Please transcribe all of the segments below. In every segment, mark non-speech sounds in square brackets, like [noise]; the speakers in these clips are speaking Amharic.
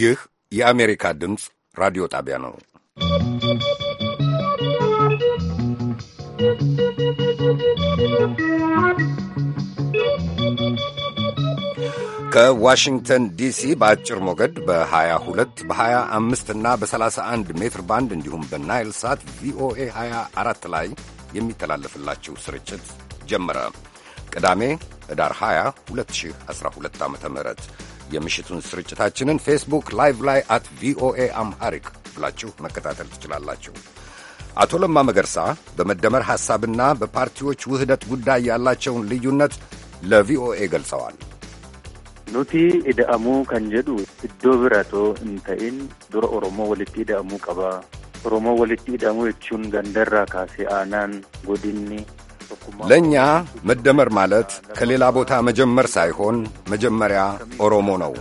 ይህ የአሜሪካ ድምፅ ራዲዮ ጣቢያ ነው። ከዋሽንግተን ዲሲ በአጭር ሞገድ በ22 በ25 እና በ31 ሜትር ባንድ እንዲሁም በናይል ሳት ቪኦኤ 24 ላይ የሚተላለፍላችሁ ስርጭት ጀመረ። ቅዳሜ ኅዳር 20 2012 ዓ ም የምሽቱን ስርጭታችንን ፌስቡክ ላይቭ ላይ አት ቪኦኤ አምሃሪክ ብላችሁ መከታተል ትችላላችሁ። አቶ ለማ መገርሳ በመደመር ሐሳብና በፓርቲዎች ውህደት ጉዳይ ያላቸውን ልዩነት ለቪኦኤ ገልጸዋል። ኑቲ ኢደአሙ ከንጀዱ እዶ ብረቶ እንተኢን ዱረ ኦሮሞ ወልቲ ኢደአሙ ቀባ ኦሮሞ ወልቲ ኢደአሙ የቹን ገንደራ ካሴ አናን ጎዲኒ ለእኛ መደመር ማለት ከሌላ ቦታ መጀመር ሳይሆን መጀመሪያ ኦሮሞ ነው።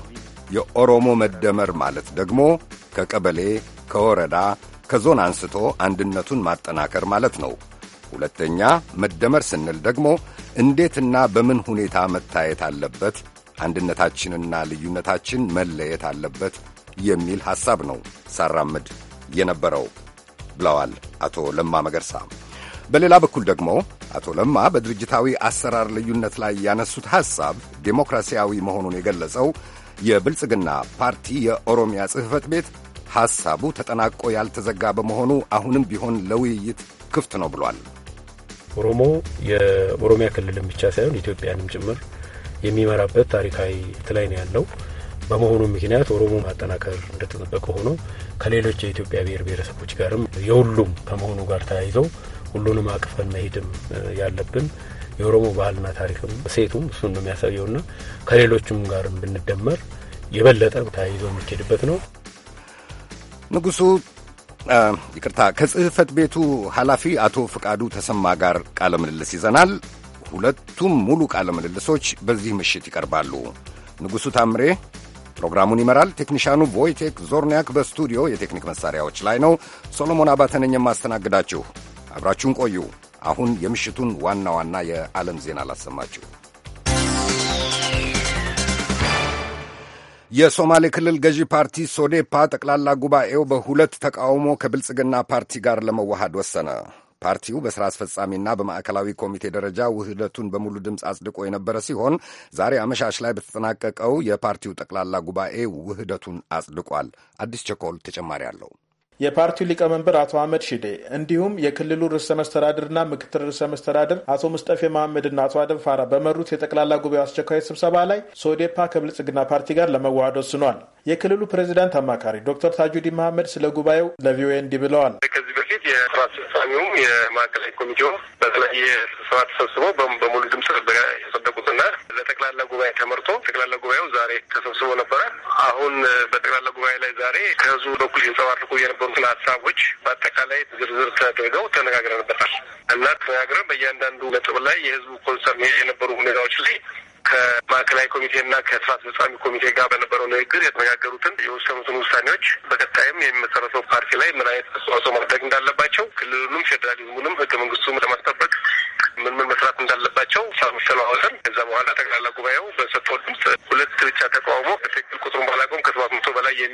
የኦሮሞ መደመር ማለት ደግሞ ከቀበሌ፣ ከወረዳ፣ ከዞን አንስቶ አንድነቱን ማጠናከር ማለት ነው። ሁለተኛ መደመር ስንል ደግሞ እንዴትና በምን ሁኔታ መታየት አለበት፣ አንድነታችንና ልዩነታችን መለየት አለበት የሚል ሐሳብ ነው ሳራምድ የነበረው ብለዋል አቶ ለማ መገርሳ። በሌላ በኩል ደግሞ አቶ ለማ በድርጅታዊ አሰራር ልዩነት ላይ ያነሱት ሐሳብ ዴሞክራሲያዊ መሆኑን የገለጸው የብልጽግና ፓርቲ የኦሮሚያ ጽሕፈት ቤት ሐሳቡ ተጠናቆ ያልተዘጋ በመሆኑ አሁንም ቢሆን ለውይይት ክፍት ነው ብሏል። ኦሮሞ የኦሮሚያ ክልልን ብቻ ሳይሆን ኢትዮጵያንም ጭምር የሚመራበት ታሪካዊ ላይ ነው ያለው። በመሆኑ ምክንያት ኦሮሞ ማጠናከር እንደተጠበቀ ሆኖ ከሌሎች የኢትዮጵያ ብሔር ብሔረሰቦች ጋርም የሁሉም ከመሆኑ ጋር ተያይዘው ሁሉንም አቅፈን መሄድም ያለብን የኦሮሞ ባህልና ታሪክም ሴቱም እሱን ነው የሚያሳየውና ከሌሎችም ጋርም ብንደመር የበለጠ ተያይዞ የሚኬድበት ነው። ንጉሱ ይቅርታ፣ ከጽህፈት ቤቱ ኃላፊ አቶ ፍቃዱ ተሰማ ጋር ቃለ ምልልስ ይዘናል። ሁለቱም ሙሉ ቃለ ምልልሶች በዚህ ምሽት ይቀርባሉ። ንጉሡ ታምሬ ፕሮግራሙን ይመራል። ቴክኒሻኑ ቮይቴክ ዞርኒያክ በስቱዲዮ የቴክኒክ መሳሪያዎች ላይ ነው። ሶሎሞን አባተነኝ የማስተናግዳችሁ አብራችሁን ቆዩ። አሁን የምሽቱን ዋና ዋና የዓለም ዜና አላሰማችሁ። የሶማሌ ክልል ገዢ ፓርቲ ሶዴፓ ጠቅላላ ጉባኤው በሁለት ተቃውሞ ከብልጽግና ፓርቲ ጋር ለመዋሃድ ወሰነ። ፓርቲው በሥራ አስፈጻሚና በማዕከላዊ ኮሚቴ ደረጃ ውህደቱን በሙሉ ድምፅ አጽድቆ የነበረ ሲሆን ዛሬ አመሻሽ ላይ በተጠናቀቀው የፓርቲው ጠቅላላ ጉባኤ ውህደቱን አጽድቋል። አዲስ ቸኮል ተጨማሪ አለው። የፓርቲው ሊቀመንበር አቶ አህመድ ሽዴ እንዲሁም የክልሉ ርዕሰ መስተዳድርና ምክትል ርዕሰ መስተዳድር አቶ ሙስጠፌ መሐመድና አቶ አደም ፋራ በመሩት የጠቅላላ ጉባኤ አስቸኳይ ስብሰባ ላይ ሶዴፓ ከብልጽግና ፓርቲ ጋር ለመዋሃድ ወስኗል። የክልሉ ፕሬዚዳንት አማካሪ ዶክተር ታጁዲ መሐመድ ስለ ጉባኤው ለቪኦኤ እንዲህ ብለዋል። ስራ አስፈጻሚውም የማዕከላዊ ኮሚቴውም በተለያየ ስብሰባ ተሰብስቦ በሙሉ ድምፅ ነበረ ያጸደቁትና ለጠቅላላ ጉባኤ ተመርቶ ጠቅላላ ጉባኤው ዛሬ ተሰብስቦ ነበረ። አሁን በጠቅላላ ጉባኤ ላይ ዛሬ ከህዝቡ በኩል ሲንጸባርቁ የነበሩትን ሀሳቦች በአጠቃላይ ዝርዝር ተደርገው ተነጋግረንበታል እና ተነጋግረን በእያንዳንዱ ነጥብ ላይ የህዝቡ ኮንሰርን የነበሩ ሁኔታዎች ላይ ከማዕከላዊ ኮሚቴና ከስራ አስፈጻሚ ኮሚቴ ጋር በነበረው ንግግር የተነጋገሩትን የወሰኑትን ውሳኔዎች በቀጣይም የሚመሰረተው ፓርቲ ላይ ምን አይነት አስተዋጽኦ ማድረግ እንዳለባቸው ክልሉንም ፌዴራሊዝሙንም ህገ መንግስቱን ለማስጠበቅ ምን ምን መስራት እንዳለባቸው ሳምስተለዋወሰን ከዛ በኋላ ጠቅላላ ጉባኤው በሰጠው ድምፅ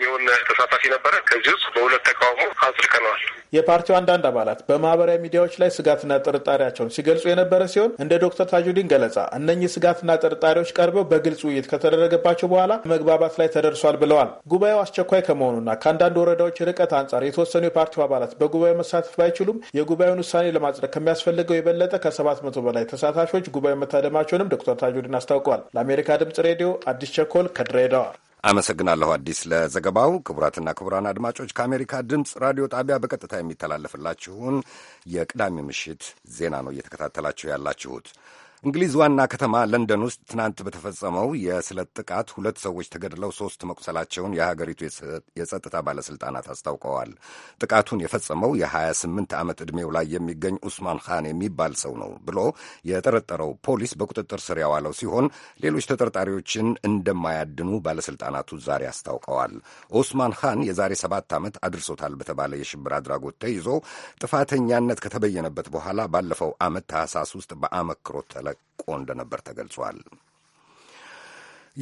የሚሆን ተሳታፊ ነበረ። ከዚህ ውስጥ በሁለት ተቃውሞ አጽድቀነዋል። የፓርቲው አንዳንድ አባላት በማህበራዊ ሚዲያዎች ላይ ስጋትና ጥርጣሬያቸውን ሲገልጹ የነበረ ሲሆን እንደ ዶክተር ታጁዲን ገለጻ እነኚህ ስጋትና ጥርጣሬዎች ቀርበው በግልጽ ውይይት ከተደረገባቸው በኋላ መግባባት ላይ ተደርሷል ብለዋል። ጉባኤው አስቸኳይ ከመሆኑና ከአንዳንድ ወረዳዎች ርቀት አንጻር የተወሰኑ የፓርቲው አባላት በጉባኤው መሳተፍ ባይችሉም የጉባኤውን ውሳኔ ለማጽደቅ ከሚያስፈልገው የበለጠ ከሰባት መቶ በላይ ተሳታፊዎች ጉባኤው መታደማቸውንም ዶክተር ታጁዲን አስታውቀዋል። ለአሜሪካ ድምጽ ሬዲዮ አዲስ ቸኮል ከድሬዳዋ አመሰግናለሁ አዲስ ለዘገባው። ክቡራትና ክቡራን አድማጮች ከአሜሪካ ድምፅ ራዲዮ ጣቢያ በቀጥታ የሚተላለፍላችሁን የቅዳሜ ምሽት ዜና ነው እየተከታተላችሁ ያላችሁት። እንግሊዝ ዋና ከተማ ለንደን ውስጥ ትናንት በተፈጸመው የስለት ጥቃት ሁለት ሰዎች ተገድለው ሶስት መቁሰላቸውን የሀገሪቱ የጸጥታ ባለሥልጣናት አስታውቀዋል። ጥቃቱን የፈጸመው የ28 ዓመት ዕድሜው ላይ የሚገኝ ኡስማን ካን የሚባል ሰው ነው ብሎ የጠረጠረው ፖሊስ በቁጥጥር ስር ያዋለው ሲሆን ሌሎች ተጠርጣሪዎችን እንደማያድኑ ባለሥልጣናቱ ዛሬ አስታውቀዋል። ኡስማን ካን የዛሬ ሰባት ዓመት አድርሶታል በተባለ የሽብር አድራጎት ተይዞ ጥፋተኛነት ከተበየነበት በኋላ ባለፈው ዓመት ታህሳስ ውስጥ በአመክሮ ተለ ተለቆ እንደነበር ተገልጿል።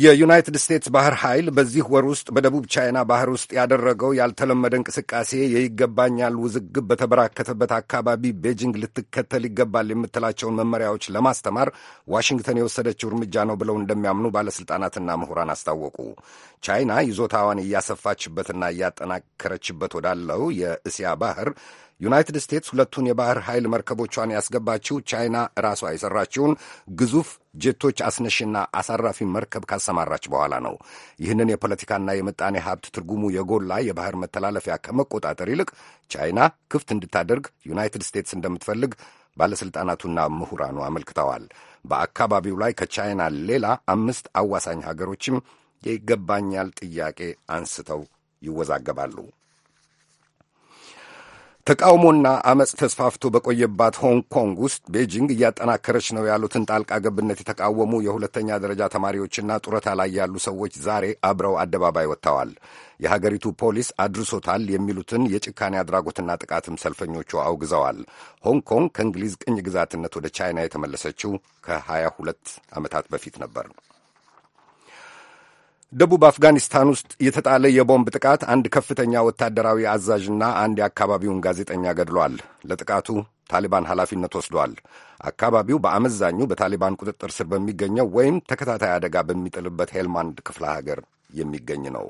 የዩናይትድ ስቴትስ ባህር ኃይል በዚህ ወር ውስጥ በደቡብ ቻይና ባህር ውስጥ ያደረገው ያልተለመደ እንቅስቃሴ የይገባኛል ውዝግብ በተበራከተበት አካባቢ ቤጂንግ ልትከተል ይገባል የምትላቸውን መመሪያዎች ለማስተማር ዋሽንግተን የወሰደችው እርምጃ ነው ብለው እንደሚያምኑ ባለሥልጣናትና ምሁራን አስታወቁ። ቻይና ይዞታዋን እያሰፋችበትና እያጠናከረችበት ወዳለው የእስያ ባህር ዩናይትድ ስቴትስ ሁለቱን የባህር ኃይል መርከቦቿን ያስገባችው ቻይና ራሷ የሠራችውን ግዙፍ ጄቶች አስነሽና አሳራፊ መርከብ ካሰማራች በኋላ ነው። ይህንን የፖለቲካና የምጣኔ ሀብት ትርጉሙ የጎላ የባህር መተላለፊያ ከመቆጣጠር ይልቅ ቻይና ክፍት እንድታደርግ ዩናይትድ ስቴትስ እንደምትፈልግ ባለሥልጣናቱና ምሁራኑ አመልክተዋል። በአካባቢው ላይ ከቻይና ሌላ አምስት አዋሳኝ ሀገሮችም የይገባኛል ጥያቄ አንስተው ይወዛገባሉ። ተቃውሞና አመፅ ተስፋፍቶ በቆየባት ሆንግ ኮንግ ውስጥ ቤጂንግ እያጠናከረች ነው ያሉትን ጣልቃ ገብነት የተቃወሙ የሁለተኛ ደረጃ ተማሪዎችና ጡረታ ላይ ያሉ ሰዎች ዛሬ አብረው አደባባይ ወጥተዋል። የሀገሪቱ ፖሊስ አድርሶታል የሚሉትን የጭካኔ አድራጎትና ጥቃትም ሰልፈኞቹ አውግዘዋል። ሆንግ ኮንግ ከእንግሊዝ ቅኝ ግዛትነት ወደ ቻይና የተመለሰችው ከ22 ዓመታት በፊት ነበር። ደቡብ አፍጋኒስታን ውስጥ የተጣለ የቦምብ ጥቃት አንድ ከፍተኛ ወታደራዊ አዛዥና አንድ የአካባቢውን ጋዜጠኛ ገድሏል። ለጥቃቱ ታሊባን ኃላፊነት ወስዷል። አካባቢው በአመዛኙ በታሊባን ቁጥጥር ስር በሚገኘው ወይም ተከታታይ አደጋ በሚጥልበት ሄልማንድ ክፍለ ሀገር የሚገኝ ነው።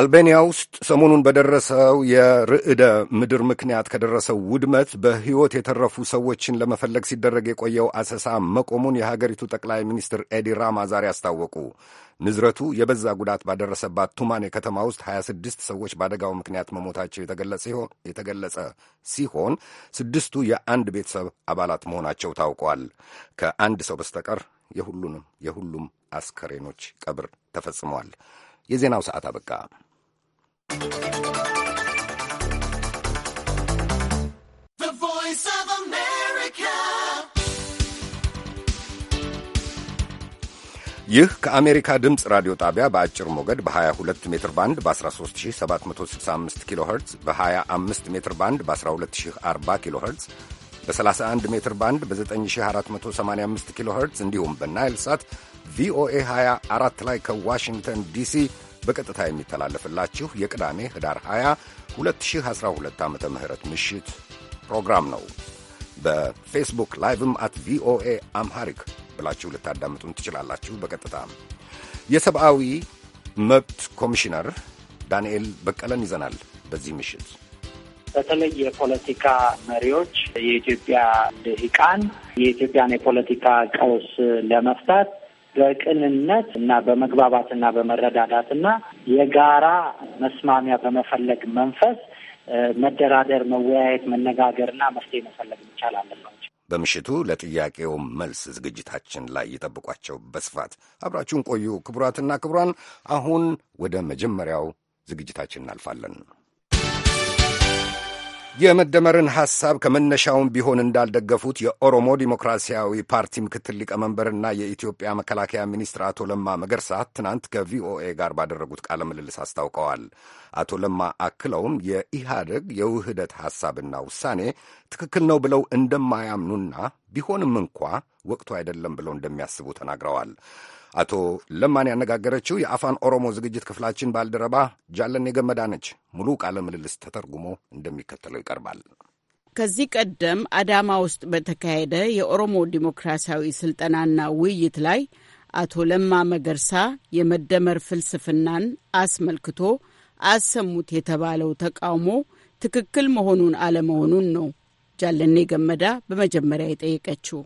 አልቤኒያ ውስጥ ሰሞኑን በደረሰው የርዕደ ምድር ምክንያት ከደረሰው ውድመት በሕይወት የተረፉ ሰዎችን ለመፈለግ ሲደረግ የቆየው አሰሳ መቆሙን የሀገሪቱ ጠቅላይ ሚኒስትር ኤዲ ራማ ዛሬ አስታወቁ። ንዝረቱ የበዛ ጉዳት ባደረሰባት ቱማኔ ከተማ ውስጥ 26 ሰዎች በአደጋው ምክንያት መሞታቸው የተገለጸ ሲሆን ስድስቱ የአንድ ቤተሰብ አባላት መሆናቸው ታውቋል። ከአንድ ሰው በስተቀር የሁሉንም የሁሉም አስከሬኖች ቀብር ተፈጽመዋል። የዜናው ሰዓት አበቃ። ይህ ከአሜሪካ ድምፅ ራዲዮ ጣቢያ በአጭር ሞገድ በ22 ሜትር ባንድ በ13765 ኪሎ ኸርትዝ በ25 ሜትር ባንድ በ1240 ኪሎ ኸርትዝ በ31 ሜትር ባንድ በ9485 ኪሎ ኸርትዝ እንዲሁም በናይል ሳት ቪኦኤ 24 ላይ ከዋሽንግተን ዲሲ በቀጥታ የሚተላለፍላችሁ የቅዳሜ ህዳር 20 2012 ዓ ም ምሽት ፕሮግራም ነው። በፌስቡክ ላይቭም አት ቪኦኤ አምሃሪክ ብላችሁ ልታዳምጡን ትችላላችሁ። በቀጥታ የሰብአዊ መብት ኮሚሽነር ዳንኤል በቀለን ይዘናል በዚህ ምሽት በተለይ የፖለቲካ መሪዎች፣ የኢትዮጵያ ልሂቃን የኢትዮጵያን የፖለቲካ ቀውስ ለመፍታት በቅንነት እና በመግባባት እና በመረዳዳት እና የጋራ መስማሚያ በመፈለግ መንፈስ መደራደር፣ መወያየት፣ መነጋገር እና መፍትሄ መፈለግ መቻል በምሽቱ ለጥያቄው መልስ ዝግጅታችን ላይ ይጠብቋቸው። በስፋት አብራችሁን ቆዩ። ክቡራትና ክቡራን፣ አሁን ወደ መጀመሪያው ዝግጅታችን እናልፋለን። የመደመርን ሐሳብ ከመነሻውም ቢሆን እንዳልደገፉት የኦሮሞ ዲሞክራሲያዊ ፓርቲ ምክትል ሊቀመንበርና የኢትዮጵያ መከላከያ ሚኒስትር አቶ ለማ መገርሳ ትናንት ከቪኦኤ ጋር ባደረጉት ቃለ ምልልስ አስታውቀዋል። አቶ ለማ አክለውም የኢህአደግ የውህደት ሐሳብና ውሳኔ ትክክል ነው ብለው እንደማያምኑና ቢሆንም እንኳ ወቅቱ አይደለም ብለው እንደሚያስቡ ተናግረዋል። አቶ ለማን ያነጋገረችው የአፋን ኦሮሞ ዝግጅት ክፍላችን ባልደረባ ጃለኔ ገመዳ ነች። ሙሉ ቃለ ምልልስ ተተርጉሞ እንደሚከተለው ይቀርባል። ከዚህ ቀደም አዳማ ውስጥ በተካሄደ የኦሮሞ ዲሞክራሲያዊ ስልጠናና ውይይት ላይ አቶ ለማ መገርሳ የመደመር ፍልስፍናን አስመልክቶ አሰሙት የተባለው ተቃውሞ ትክክል መሆኑን አለመሆኑን ነው ጃለኔ ገመዳ በመጀመሪያ የጠየቀችው።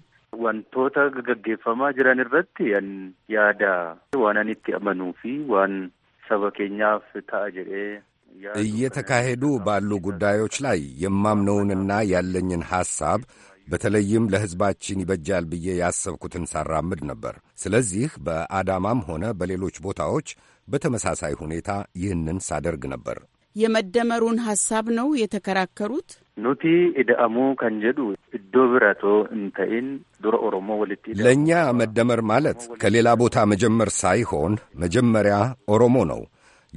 wantoota gaggeeffamaa jiran irratti yaada waan ani itti amanuu fi waan saba keenyaaf ta'a jedhee እየተካሄዱ ባሉ ጉዳዮች ላይ የማምነውንና ያለኝን ሐሳብ በተለይም ለሕዝባችን ይበጃል ብዬ ያሰብኩትን ሳራምድ ነበር። ስለዚህ በአዳማም ሆነ በሌሎች ቦታዎች በተመሳሳይ ሁኔታ ይህንን ሳደርግ ነበር። የመደመሩን ሀሳብ ነው የተከራከሩት። ኑቲ ኢደአሙ ከን ጀዱ እዶ ብረቶ እንተኢን ዱረ ኦሮሞ ወልቲ ለእኛ መደመር ማለት ከሌላ ቦታ መጀመር ሳይሆን መጀመሪያ ኦሮሞ ነው።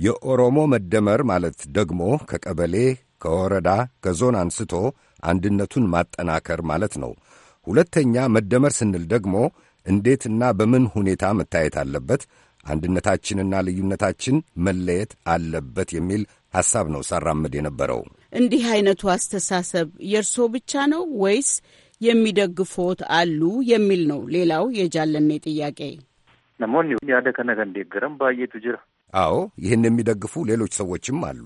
የኦሮሞ መደመር ማለት ደግሞ ከቀበሌ፣ ከወረዳ፣ ከዞን አንስቶ አንድነቱን ማጠናከር ማለት ነው። ሁለተኛ መደመር ስንል ደግሞ እንዴትና በምን ሁኔታ መታየት አለበት፣ አንድነታችንና ልዩነታችን መለየት አለበት የሚል ሐሳብ ነው ሳራምድ የነበረው። እንዲህ አይነቱ አስተሳሰብ የእርሶ ብቻ ነው ወይስ የሚደግፉት አሉ የሚል ነው ሌላው የጃለኔ ጥያቄ። ነሞኒ ያደከ ነገ እንዲገረም ባየቱ ጅራ አዎ፣ ይህን የሚደግፉ ሌሎች ሰዎችም አሉ።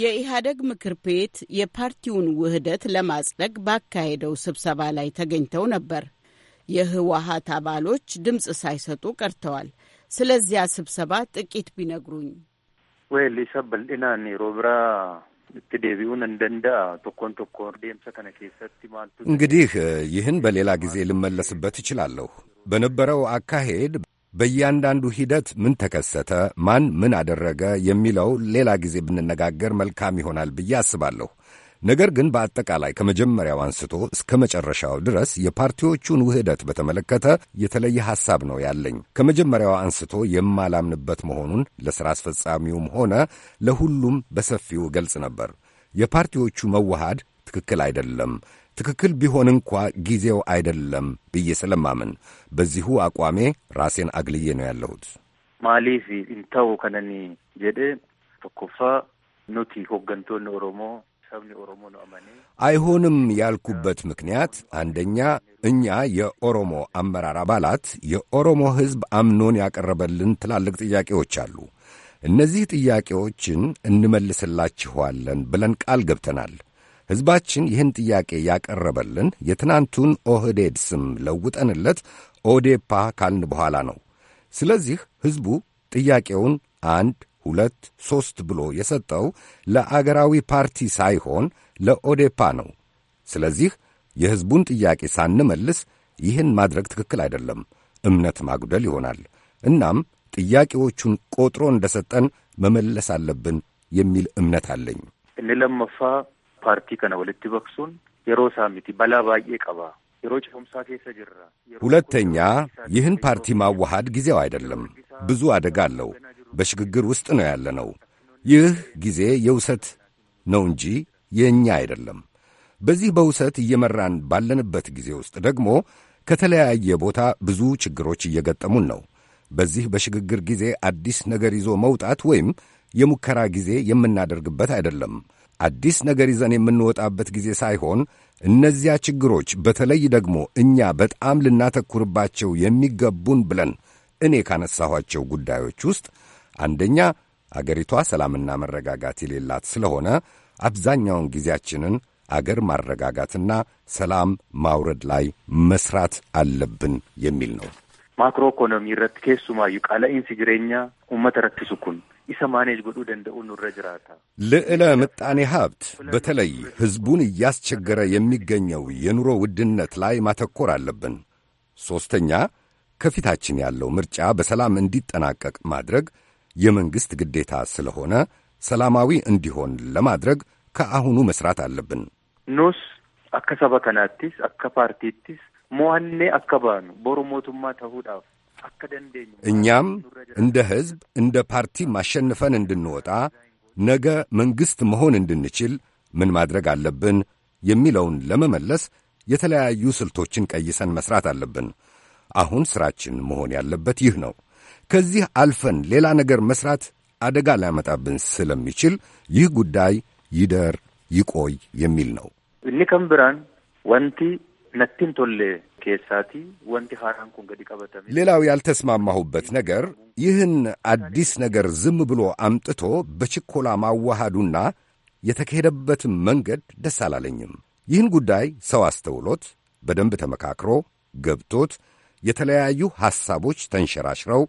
የኢህአደግ ምክር ቤት የፓርቲውን ውህደት ለማጽደቅ ባካሄደው ስብሰባ ላይ ተገኝተው ነበር። የህወሀት አባሎች ድምፅ ሳይሰጡ ቀርተዋል። ስለዚያ ስብሰባ ጥቂት ቢነግሩኝ Weel isa bal'inaan yeroo biraa itti deebi'uun danda'a tokkoon tokkoon deemsa kana keessatti maaltu እንግዲህ ይህን በሌላ ጊዜ ልመለስበት እችላለሁ። በነበረው አካሄድ በእያንዳንዱ ሂደት ምን ተከሰተ፣ ማን ምን አደረገ የሚለው ሌላ ጊዜ ብንነጋገር መልካም ይሆናል ብዬ አስባለሁ። ነገር ግን በአጠቃላይ ከመጀመሪያው አንስቶ እስከ መጨረሻው ድረስ የፓርቲዎቹን ውህደት በተመለከተ የተለየ ሐሳብ ነው ያለኝ። ከመጀመሪያው አንስቶ የማላምንበት መሆኑን ለሥራ አስፈጻሚውም ሆነ ለሁሉም በሰፊው ገልጽ ነበር። የፓርቲዎቹ መዋሃድ ትክክል አይደለም፣ ትክክል ቢሆን እንኳ ጊዜው አይደለም ብዬ ስለማምን በዚሁ አቋሜ ራሴን አግልዬ ነው ያለሁት። ማሊፍ እንተው ከነኒ ጀደ ቶኮፋ ኑቲ ሆገንቶን ኦሮሞ አይሆንም ያልኩበት ምክንያት አንደኛ እኛ የኦሮሞ አመራር አባላት የኦሮሞ ሕዝብ አምኖን ያቀረበልን ትላልቅ ጥያቄዎች አሉ። እነዚህ ጥያቄዎችን እንመልስላችኋለን ብለን ቃል ገብተናል። ሕዝባችን ይህን ጥያቄ ያቀረበልን የትናንቱን ኦህዴድ ስም ለውጠንለት ኦዴፓ ካልን በኋላ ነው። ስለዚህ ሕዝቡ ጥያቄውን አንድ ሁለት ሦስት ብሎ የሰጠው ለአገራዊ ፓርቲ ሳይሆን ለኦዴፓ ነው። ስለዚህ የሕዝቡን ጥያቄ ሳንመልስ ይህን ማድረግ ትክክል አይደለም፣ እምነት ማጉደል ይሆናል። እናም ጥያቄዎቹን ቆጥሮ እንደ ሰጠን መመለስ አለብን የሚል እምነት አለኝ። እንለመፋ ፓርቲ ከነ ወልቲ በክሱን የሮሳ ሳሚቲ በላ ባዬ ቀባ ሁለተኛ፣ ይህን ፓርቲ ማዋሃድ ጊዜው አይደለም። ብዙ አደጋ አለው። በሽግግር ውስጥ ነው ያለነው። ይህ ጊዜ የውሰት ነው እንጂ የእኛ አይደለም። በዚህ በውሰት እየመራን ባለንበት ጊዜ ውስጥ ደግሞ ከተለያየ ቦታ ብዙ ችግሮች እየገጠሙን ነው። በዚህ በሽግግር ጊዜ አዲስ ነገር ይዞ መውጣት ወይም የሙከራ ጊዜ የምናደርግበት አይደለም። አዲስ ነገር ይዘን የምንወጣበት ጊዜ ሳይሆን እነዚያ ችግሮች በተለይ ደግሞ እኛ በጣም ልናተኩርባቸው የሚገቡን ብለን እኔ ካነሳኋቸው ጉዳዮች ውስጥ አንደኛ አገሪቷ ሰላምና መረጋጋት የሌላት ስለሆነ አብዛኛውን ጊዜያችንን አገር ማረጋጋትና ሰላም ማውረድ ላይ መስራት አለብን የሚል ነው። ማክሮ ኢኮኖሚ ረት ኬሱማ ዩቃለ ኢንሲ ጅሬኛ ኡመተ ኢሰ ማኔጅ ጎዱ ደንደኡ ኑረ ጅራታ ልዕለ ምጣኔ ሀብት በተለይ ህዝቡን እያስቸገረ የሚገኘው የኑሮ ውድነት ላይ ማተኮር አለብን። ሦስተኛ ከፊታችን ያለው ምርጫ በሰላም እንዲጠናቀቅ ማድረግ የመንግሥት ግዴታ ስለሆነ ሰላማዊ እንዲሆን ለማድረግ ከአሁኑ መስራት አለብን። ኖስ አከ ከናቲስ አከ ፓርቲቲስ ሞዋኔ አከባኑ በኦሮሞቱማ ተሁዳፍ እኛም እንደ ሕዝብ እንደ ፓርቲ ማሸንፈን እንድንወጣ ነገ መንግሥት መሆን እንድንችል ምን ማድረግ አለብን የሚለውን ለመመለስ የተለያዩ ስልቶችን ቀይሰን መስራት አለብን። አሁን ሥራችን መሆን ያለበት ይህ ነው። ከዚህ አልፈን ሌላ ነገር መስራት አደጋ ሊያመጣብን ስለሚችል ይህ ጉዳይ ይደር ይቆይ የሚል ነው። እኒ ከምብራን ወንቲ ነቲን ቶሌ ኬሳቲ ወንቲ ሀራን ኩን ገዲ ሌላው ያልተስማማሁበት ነገር ይህን አዲስ ነገር ዝም ብሎ አምጥቶ በችኮላ ማዋሃዱና የተካሄደበትን መንገድ ደስ አላለኝም። ይህን ጉዳይ ሰው አስተውሎት በደንብ ተመካክሮ ገብቶት የተለያዩ ሐሳቦች ተንሸራሽረው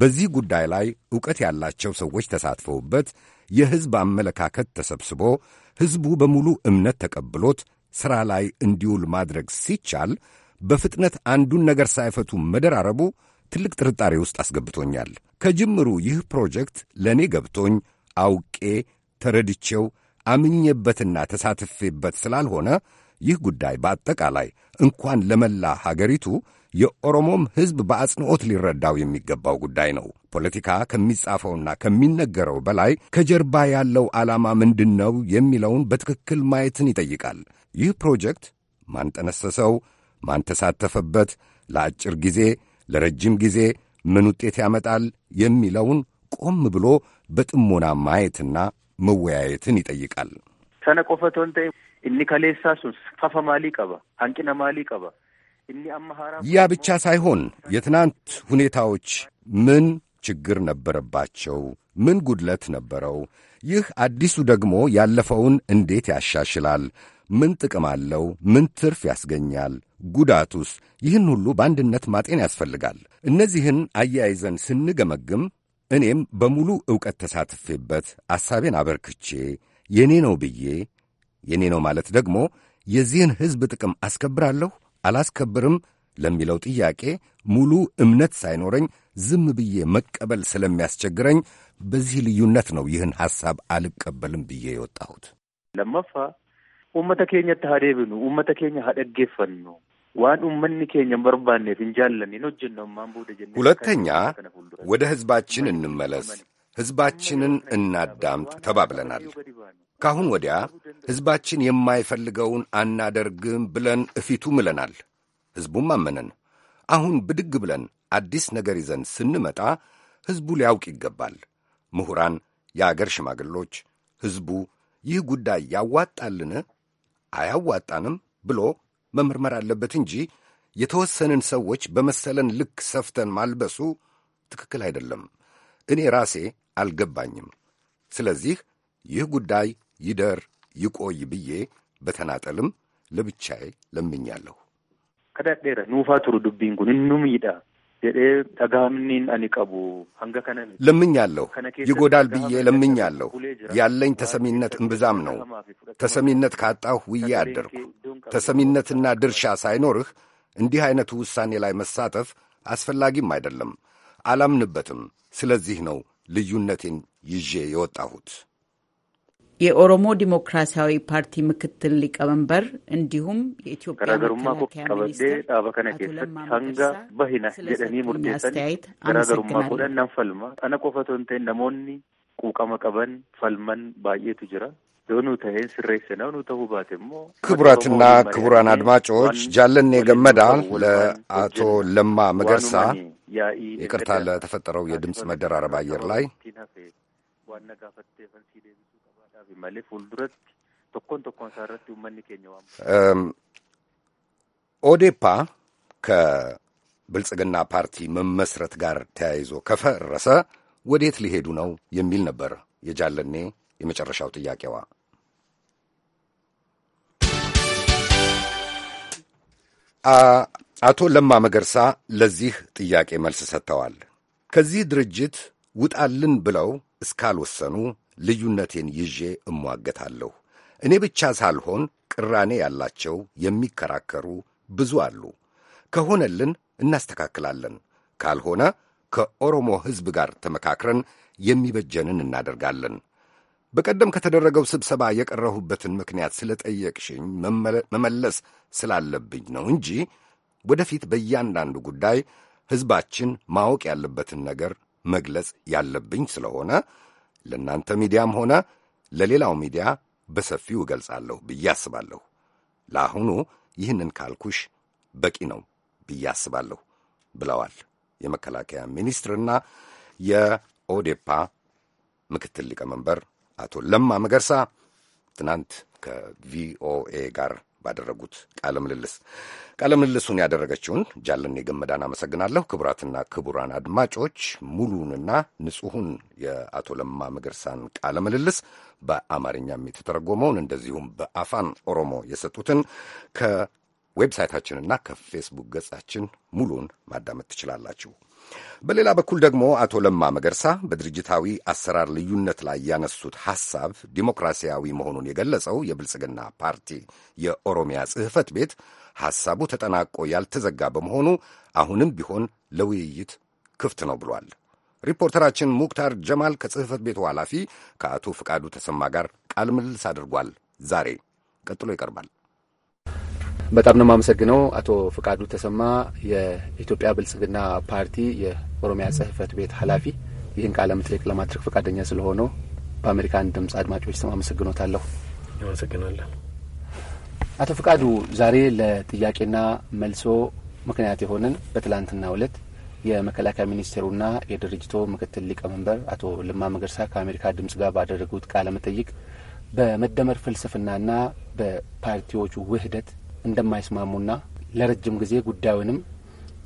በዚህ ጉዳይ ላይ ዕውቀት ያላቸው ሰዎች ተሳትፈውበት የሕዝብ አመለካከት ተሰብስቦ ሕዝቡ በሙሉ እምነት ተቀብሎት ሥራ ላይ እንዲውል ማድረግ ሲቻል በፍጥነት አንዱን ነገር ሳይፈቱ መደራረቡ ትልቅ ጥርጣሬ ውስጥ አስገብቶኛል። ከጅምሩ ይህ ፕሮጀክት ለእኔ ገብቶኝ አውቄ ተረድቼው አምኜበትና ተሳትፌበት ስላልሆነ ይህ ጉዳይ በአጠቃላይ እንኳን ለመላ ሀገሪቱ የኦሮሞም ሕዝብ በአጽንዖት ሊረዳው የሚገባው ጉዳይ ነው። ፖለቲካ ከሚጻፈውና ከሚነገረው በላይ ከጀርባ ያለው ዓላማ ምንድን ነው የሚለውን በትክክል ማየትን ይጠይቃል። ይህ ፕሮጀክት ማን ጠነሰሰው? ማን ተሳተፈበት? ለአጭር ጊዜ፣ ለረጅም ጊዜ ምን ውጤት ያመጣል የሚለውን ቆም ብሎ በጥሞና ማየትና መወያየትን ይጠይቃል። ሰነቆፈቶንቴ እኒ ከሌሳ ሱስ ቀባ አንቂነማሊ ቀባ ያ ብቻ ሳይሆን የትናንት ሁኔታዎች ምን ችግር ነበረባቸው? ምን ጉድለት ነበረው? ይህ አዲሱ ደግሞ ያለፈውን እንዴት ያሻሽላል? ምን ጥቅም አለው? ምን ትርፍ ያስገኛል? ጉዳቱስ? ይህን ሁሉ በአንድነት ማጤን ያስፈልጋል። እነዚህን አያይዘን ስንገመግም እኔም በሙሉ ዕውቀት ተሳትፌበት አሳቤን አበርክቼ የኔ ነው ብዬ የኔ ነው ማለት ደግሞ የዚህን ሕዝብ ጥቅም አስከብራለሁ አላስከብርም ለሚለው ጥያቄ ሙሉ እምነት ሳይኖረኝ ዝም ብዬ መቀበል ስለሚያስቸግረኝ በዚህ ልዩነት ነው ይህን ሐሳብ አልቀበልም ብዬ የወጣሁት። ለመፋ ኡመተ ኬኛ ታዴብኑ ኡመተ ኬኛ ሀደጌፈኑ ዋን ኡመኒ ኬኛ በርባኔፍ ፍንጃለን ኖጅን ነው ማንቡደ ሁለተኛ ወደ ህዝባችን እንመለስ፣ ህዝባችንን እናዳምጥ ተባብለናል። ከአሁን ወዲያ ሕዝባችን የማይፈልገውን አናደርግም ብለን እፊቱ ምለናል። ሕዝቡም አመነን። አሁን ብድግ ብለን አዲስ ነገር ይዘን ስንመጣ ሕዝቡ ሊያውቅ ይገባል። ምሁራን፣ የአገር ሽማግሎች፣ ሕዝቡ ይህ ጉዳይ ያዋጣልን አያዋጣንም ብሎ መመርመር አለበት እንጂ የተወሰንን ሰዎች በመሰለን ልክ ሰፍተን ማልበሱ ትክክል አይደለም። እኔ ራሴ አልገባኝም። ስለዚህ ይህ ጉዳይ ይደር ይቆይ ብዬ በተናጠልም ለብቻዬ ለምኛለሁ። ከዳዴረ ኑፋ ቱሩ ዱቢን ጉን ኑም ይዳ ለምኛለሁ ይጎዳል ብዬ ለምኛለሁ። ያለኝ ተሰሚነት እምብዛም ነው። ተሰሚነት ካጣሁ ውዬ አደርኩ። ተሰሚነትና ድርሻ ሳይኖርህ እንዲህ ዐይነቱ ውሳኔ ላይ መሳተፍ አስፈላጊም አይደለም፣ አላምንበትም። ስለዚህ ነው ልዩነቴን ይዤ የወጣሁት። የኦሮሞ ዲሞክራሲያዊ ፓርቲ ምክትል ሊቀመንበር እንዲሁም የኢትዮጵያ መከላከያ ሚኒስትር አቶ ለማ መገርሳ ስለሰጡኝ አስተያየት አመሰግናለሁ። ቁቀመ ቀበን ፈልመን ባየቱ ጅራ ዶኑ ተሄን ስሬስ ነው ኑ ተሁ ክቡራትና ክቡራን አድማጮች ጃለኔ ገመዳ ለአቶ ለማ መገርሳ ይቅርታ ለተፈጠረው የድምፅ መደራረብ አየር ላይ malee fuulduratti tokkoon tokkoon isaa irratti uummanni keenya waan um, ኦዴፓ ከብልጽግና ፓርቲ መመስረት ጋር ተያይዞ ከፈረሰ ወዴት ሊሄዱ ነው የሚል ነበር የጃለኔ የመጨረሻው ጥያቄዋ። አቶ ለማ መገርሳ ለዚህ ጥያቄ መልስ ሰጥተዋል። ከዚህ ድርጅት ውጣልን ብለው እስካልወሰኑ ልዩነቴን ይዤ እሟገታለሁ። እኔ ብቻ ሳልሆን ቅራኔ ያላቸው የሚከራከሩ ብዙ አሉ። ከሆነልን እናስተካክላለን፣ ካልሆነ ከኦሮሞ ሕዝብ ጋር ተመካክረን የሚበጀንን እናደርጋለን። በቀደም ከተደረገው ስብሰባ የቀረሁበትን ምክንያት ስለጠየቅሽኝ መመለስ ስላለብኝ ነው እንጂ ወደፊት በእያንዳንዱ ጉዳይ ሕዝባችን ማወቅ ያለበትን ነገር መግለጽ ያለብኝ ስለሆነ ለእናንተ ሚዲያም ሆነ ለሌላው ሚዲያ በሰፊው እገልጻለሁ ብዬ አስባለሁ። ለአሁኑ ይህንን ካልኩሽ በቂ ነው ብዬ አስባለሁ ብለዋል የመከላከያ ሚኒስትርና የኦዴፓ ምክትል ሊቀመንበር አቶ ለማ መገርሳ ትናንት ከቪኦኤ ጋር ባደረጉት ቃለ ምልልስ ቃለ ምልልሱን ያደረገችውን ጃለኔ ገመዳን አመሰግናለሁ። ክቡራትና ክቡራን አድማጮች ሙሉንና ንጹሑን የአቶ ለማ መገርሳን ቃለ ምልልስ በአማርኛም የተተረጎመውን እንደዚሁም በአፋን ኦሮሞ የሰጡትን ከዌብሳይታችንና ከፌስቡክ ገጻችን ሙሉን ማዳመጥ ትችላላችሁ። በሌላ በኩል ደግሞ አቶ ለማ መገርሳ በድርጅታዊ አሰራር ልዩነት ላይ ያነሱት ሐሳብ ዲሞክራሲያዊ መሆኑን የገለጸው የብልጽግና ፓርቲ የኦሮሚያ ጽሕፈት ቤት ሐሳቡ ተጠናቆ ያልተዘጋ በመሆኑ አሁንም ቢሆን ለውይይት ክፍት ነው ብሏል። ሪፖርተራችን ሙክታር ጀማል ከጽሕፈት ቤቱ ኃላፊ ከአቶ ፍቃዱ ተሰማ ጋር ቃለ ምልልስ አድርጓል። ዛሬ ቀጥሎ ይቀርባል። በጣም ነው የማመሰግነው አቶ ፍቃዱ ተሰማ የኢትዮጵያ ብልጽግና ፓርቲ የኦሮሚያ ጽህፈት ቤት ኃላፊ ይህን ቃለ መጠይቅ ለማድረግ ፈቃደኛ ስለሆነ በአሜሪካን ድምፅ አድማጮች ስም አመሰግኖታለሁ። አመሰግናለሁ። አቶ ፍቃዱ ዛሬ ለጥያቄና መልሶ ምክንያት የሆነን በትላንትናው ዕለት የመከላከያ ሚኒስቴሩና የድርጅቶ ምክትል ሊቀመንበር አቶ ልማ መገርሳ ከአሜሪካ ድምጽ ጋር ባደረጉት ቃለ መጠይቅ በመደመር ፍልስፍናና በፓርቲዎቹ ውህደት እንደማይስማሙና ለረጅም ጊዜ ጉዳዩንም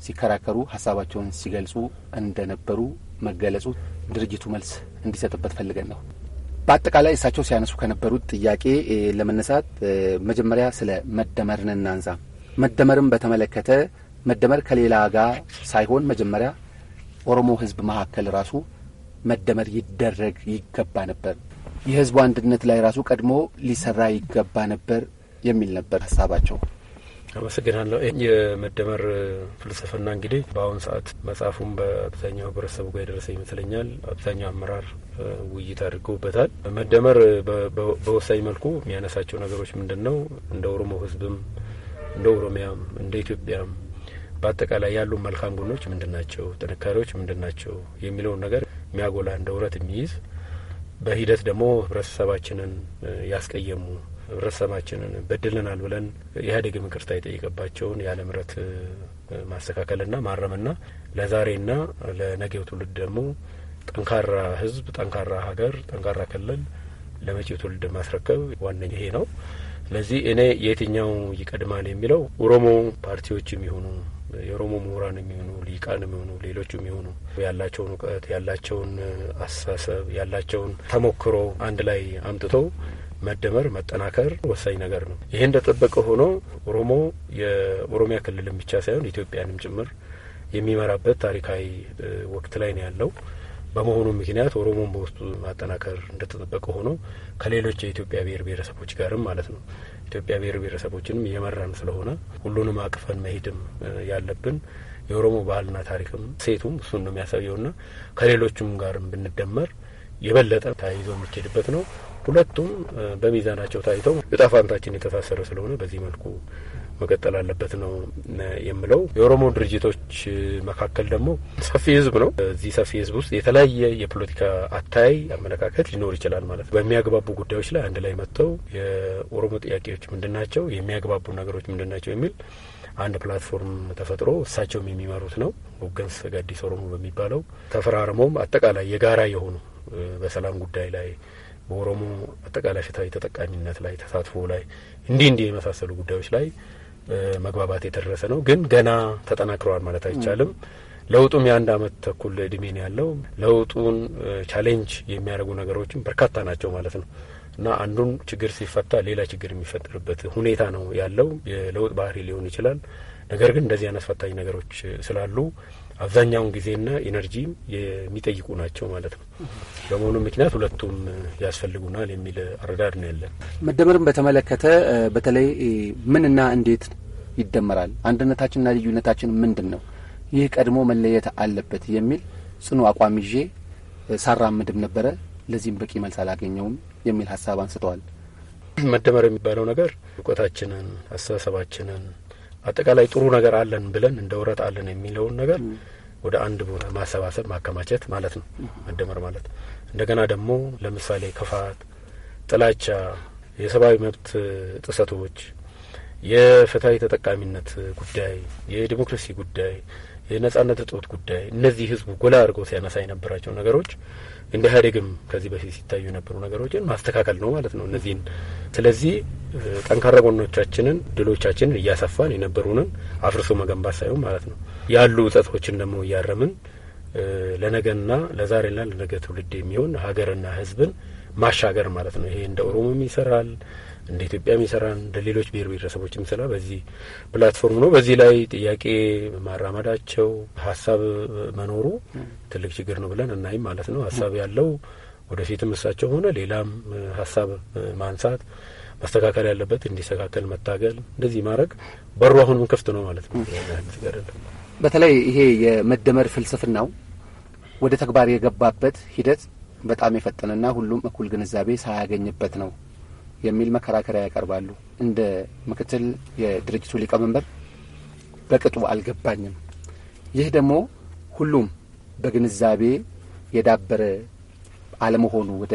ሲከራከሩ ሀሳባቸውን ሲገልጹ እንደነበሩ መገለጹ ድርጅቱ መልስ እንዲሰጥበት ፈልገን ነው። በአጠቃላይ እሳቸው ሲያነሱ ከነበሩት ጥያቄ ለመነሳት መጀመሪያ ስለ መደመርን እናንሳ። መደመርን በተመለከተ መደመር ከሌላ ጋር ሳይሆን መጀመሪያ ኦሮሞ ሕዝብ መካከል ራሱ መደመር ይደረግ ይገባ ነበር። የሕዝቡ አንድነት ላይ ራሱ ቀድሞ ሊሰራ ይገባ ነበር የሚል ነበር ሀሳባቸው። አመሰግናለሁ። የመደመር ፍልስፍና እንግዲህ በአሁኑ ሰዓት መጽሐፉም በአብዛኛው ህብረተሰቡ ጋር የደረሰ ይመስለኛል። አብዛኛው አመራር ውይይት አድርገውበታል። መደመር በወሳኝ መልኩ የሚያነሳቸው ነገሮች ምንድን ነው? እንደ ኦሮሞ ህዝብም እንደ ኦሮሚያም እንደ ኢትዮጵያም በአጠቃላይ ያሉ መልካም ጎኖች ምንድን ናቸው፣ ጥንካሬዎች ምንድን ናቸው የሚለውን ነገር የሚያጎላ እንደ ውረት የሚይዝ በሂደት ደግሞ ህብረተሰባችንን ያስቀየሙ ህብረተሰባችንን በድለናል ብለን ኢህአዴግም ይቅርታ የጠየቀባቸውን ያለ ምረት ማስተካከልና ማረምና ለዛሬና ለነገው ትውልድ ደግሞ ጠንካራ ህዝብ፣ ጠንካራ ሀገር፣ ጠንካራ ክልል ለመጪው ትውልድ ማስረከብ ዋነኛ ይሄ ነው። ስለዚህ እኔ የትኛው ይቀድማል የሚለው ኦሮሞ ፓርቲዎች የሚሆኑ የኦሮሞ ምሁራን የሚሆኑ ሊቃን የሚሆኑ ሌሎች የሚሆኑ ያላቸውን እውቀት ያላቸውን አስተሳሰብ ያላቸውን ተሞክሮ አንድ ላይ አምጥተው መደመር መጠናከር ወሳኝ ነገር ነው። ይሄ እንደጠበቀ ሆኖ ኦሮሞ የኦሮሚያ ክልልን ብቻ ሳይሆን ኢትዮጵያንም ጭምር የሚመራበት ታሪካዊ ወቅት ላይ ነው ያለው። በመሆኑ ምክንያት ኦሮሞን በውስጡ ማጠናከር እንደተጠበቀ ሆኖ ከሌሎች የኢትዮጵያ ብሔር ብሔረሰቦች ጋርም ማለት ነው ኢትዮጵያ ብሔር ብሔረሰቦችንም እየመራን ስለሆነ ሁሉንም አቅፈን መሄድም ያለብን የኦሮሞ ባህልና ታሪክም ሴቱም እሱን ነው የሚያሳየውና ከሌሎችም ጋርም ብንደመር የበለጠ ተያይዞ የሚኬድበት ነው። ሁለቱም በሚዛናቸው ታይተው ዕጣ ፈንታችን የተሳሰረ ስለሆነ በዚህ መልኩ መቀጠል አለበት ነው የምለው። የኦሮሞ ድርጅቶች መካከል ደግሞ ሰፊ ህዝብ ነው። እዚህ ሰፊ ህዝብ ውስጥ የተለያየ የፖለቲካ አታይ፣ አመለካከት ሊኖር ይችላል ማለት ነው። በሚያግባቡ ጉዳዮች ላይ አንድ ላይ መጥተው የኦሮሞ ጥያቄዎች ምንድን ናቸው፣ የሚያግባቡ ነገሮች ምንድን ናቸው የሚል አንድ ፕላትፎርም ተፈጥሮ እሳቸውም የሚመሩት ነው ወገንስ ጋዲስ ኦሮሞ በሚባለው ተፈራርሞም አጠቃላይ የጋራ የሆኑ በሰላም ጉዳይ ላይ በኦሮሞ አጠቃላይ ፍትሐዊ ተጠቃሚነት ላይ ተሳትፎ ላይ እንዲህ እንዲህ የመሳሰሉ ጉዳዮች ላይ መግባባት የተደረሰ ነው። ግን ገና ተጠናክረዋል ማለት አይቻልም። ለውጡም የአንድ አመት ተኩል እድሜን ያለው ለውጡን ቻሌንጅ የሚያደርጉ ነገሮችም በርካታ ናቸው ማለት ነው እና አንዱን ችግር ሲፈታ ሌላ ችግር የሚፈጠርበት ሁኔታ ነው ያለው። የለውጥ ባህሪ ሊሆን ይችላል። ነገር ግን እንደዚህ አይነት ፈታኝ ነገሮች ስላሉ አብዛኛውን ጊዜና ኢነርጂም የሚጠይቁ ናቸው ማለት ነው። በመሆኑ ምክንያት ሁለቱም ያስፈልጉናል የሚል አረዳድ ነው ያለን። መደመርን በተመለከተ በተለይ ምንና እንዴት ይደመራል? አንድነታችንና ልዩነታችን ምንድን ነው? ይህ ቀድሞ መለየት አለበት የሚል ጽኑ አቋም ይዤ ሳራምድም ነበረ። ለዚህም በቂ መልስ አላገኘውም የሚል ሀሳብ አንስተዋል። መደመር የሚባለው ነገር እውቀታችንን፣ አስተሳሰባችንን አጠቃላይ ጥሩ ነገር አለን ብለን እንደ ውረት አለን የሚለውን ነገር ወደ አንድ ቦታ ማሰባሰብ ማከማቸት ማለት ነው፣ መደመር ማለት ነው። እንደገና ደግሞ ለምሳሌ ክፋት፣ ጥላቻ፣ የሰብአዊ መብት ጥሰቶች፣ የፍትሀዊ ተጠቃሚነት ጉዳይ፣ የዲሞክራሲ ጉዳይ፣ የነጻነት እጦት ጉዳይ እነዚህ ህዝቡ ጎላ አድርገው ሲያነሳ የነበራቸው ነገሮች እንደ ኢህአዴግም ከዚህ በፊት ሲታዩ የነበሩ ነገሮችን ማስተካከል ነው ማለት ነው እነዚህን። ስለዚህ ጠንካራ ጎኖቻችንን፣ ድሎቻችንን እያሰፋን የነበሩንን አፍርሶ መገንባት ሳይሆን ማለት ነው ያሉ እጸቶችን ደግሞ እያረምን ለነገና ለዛሬና ለነገ ትውልድ የሚሆን ሀገርና ህዝብን ማሻገር ማለት ነው። ይሄ እንደ ኦሮሞም ይሰራል እንደ ኢትዮጵያም ይሰራል፣ እንደ ሌሎች ብሔር ብሔረሰቦችም ይሰራል። በዚህ ፕላትፎርም ነው። በዚህ ላይ ጥያቄ ማራመዳቸው ሀሳብ መኖሩ ትልቅ ችግር ነው ብለን እናይም ማለት ነው። ሀሳብ ያለው ወደፊትም እሳቸው ሆነ ሌላም ሀሳብ ማንሳት መስተካከል ያለበት እንዲስተካከል መታገል እንደዚህ ማድረግ በሩ አሁንም ክፍት ነው ማለት ነው። በተለይ ይሄ የመደመር ፍልስፍናው ወደ ተግባር የገባበት ሂደት በጣም የፈጠነና ሁሉም እኩል ግንዛቤ ሳያገኝበት ነው የሚል መከራከሪያ ያቀርባሉ። እንደ ምክትል የድርጅቱ ሊቀመንበር በቅጡ አልገባኝም። ይህ ደግሞ ሁሉም በግንዛቤ የዳበረ አለመሆኑ ወደ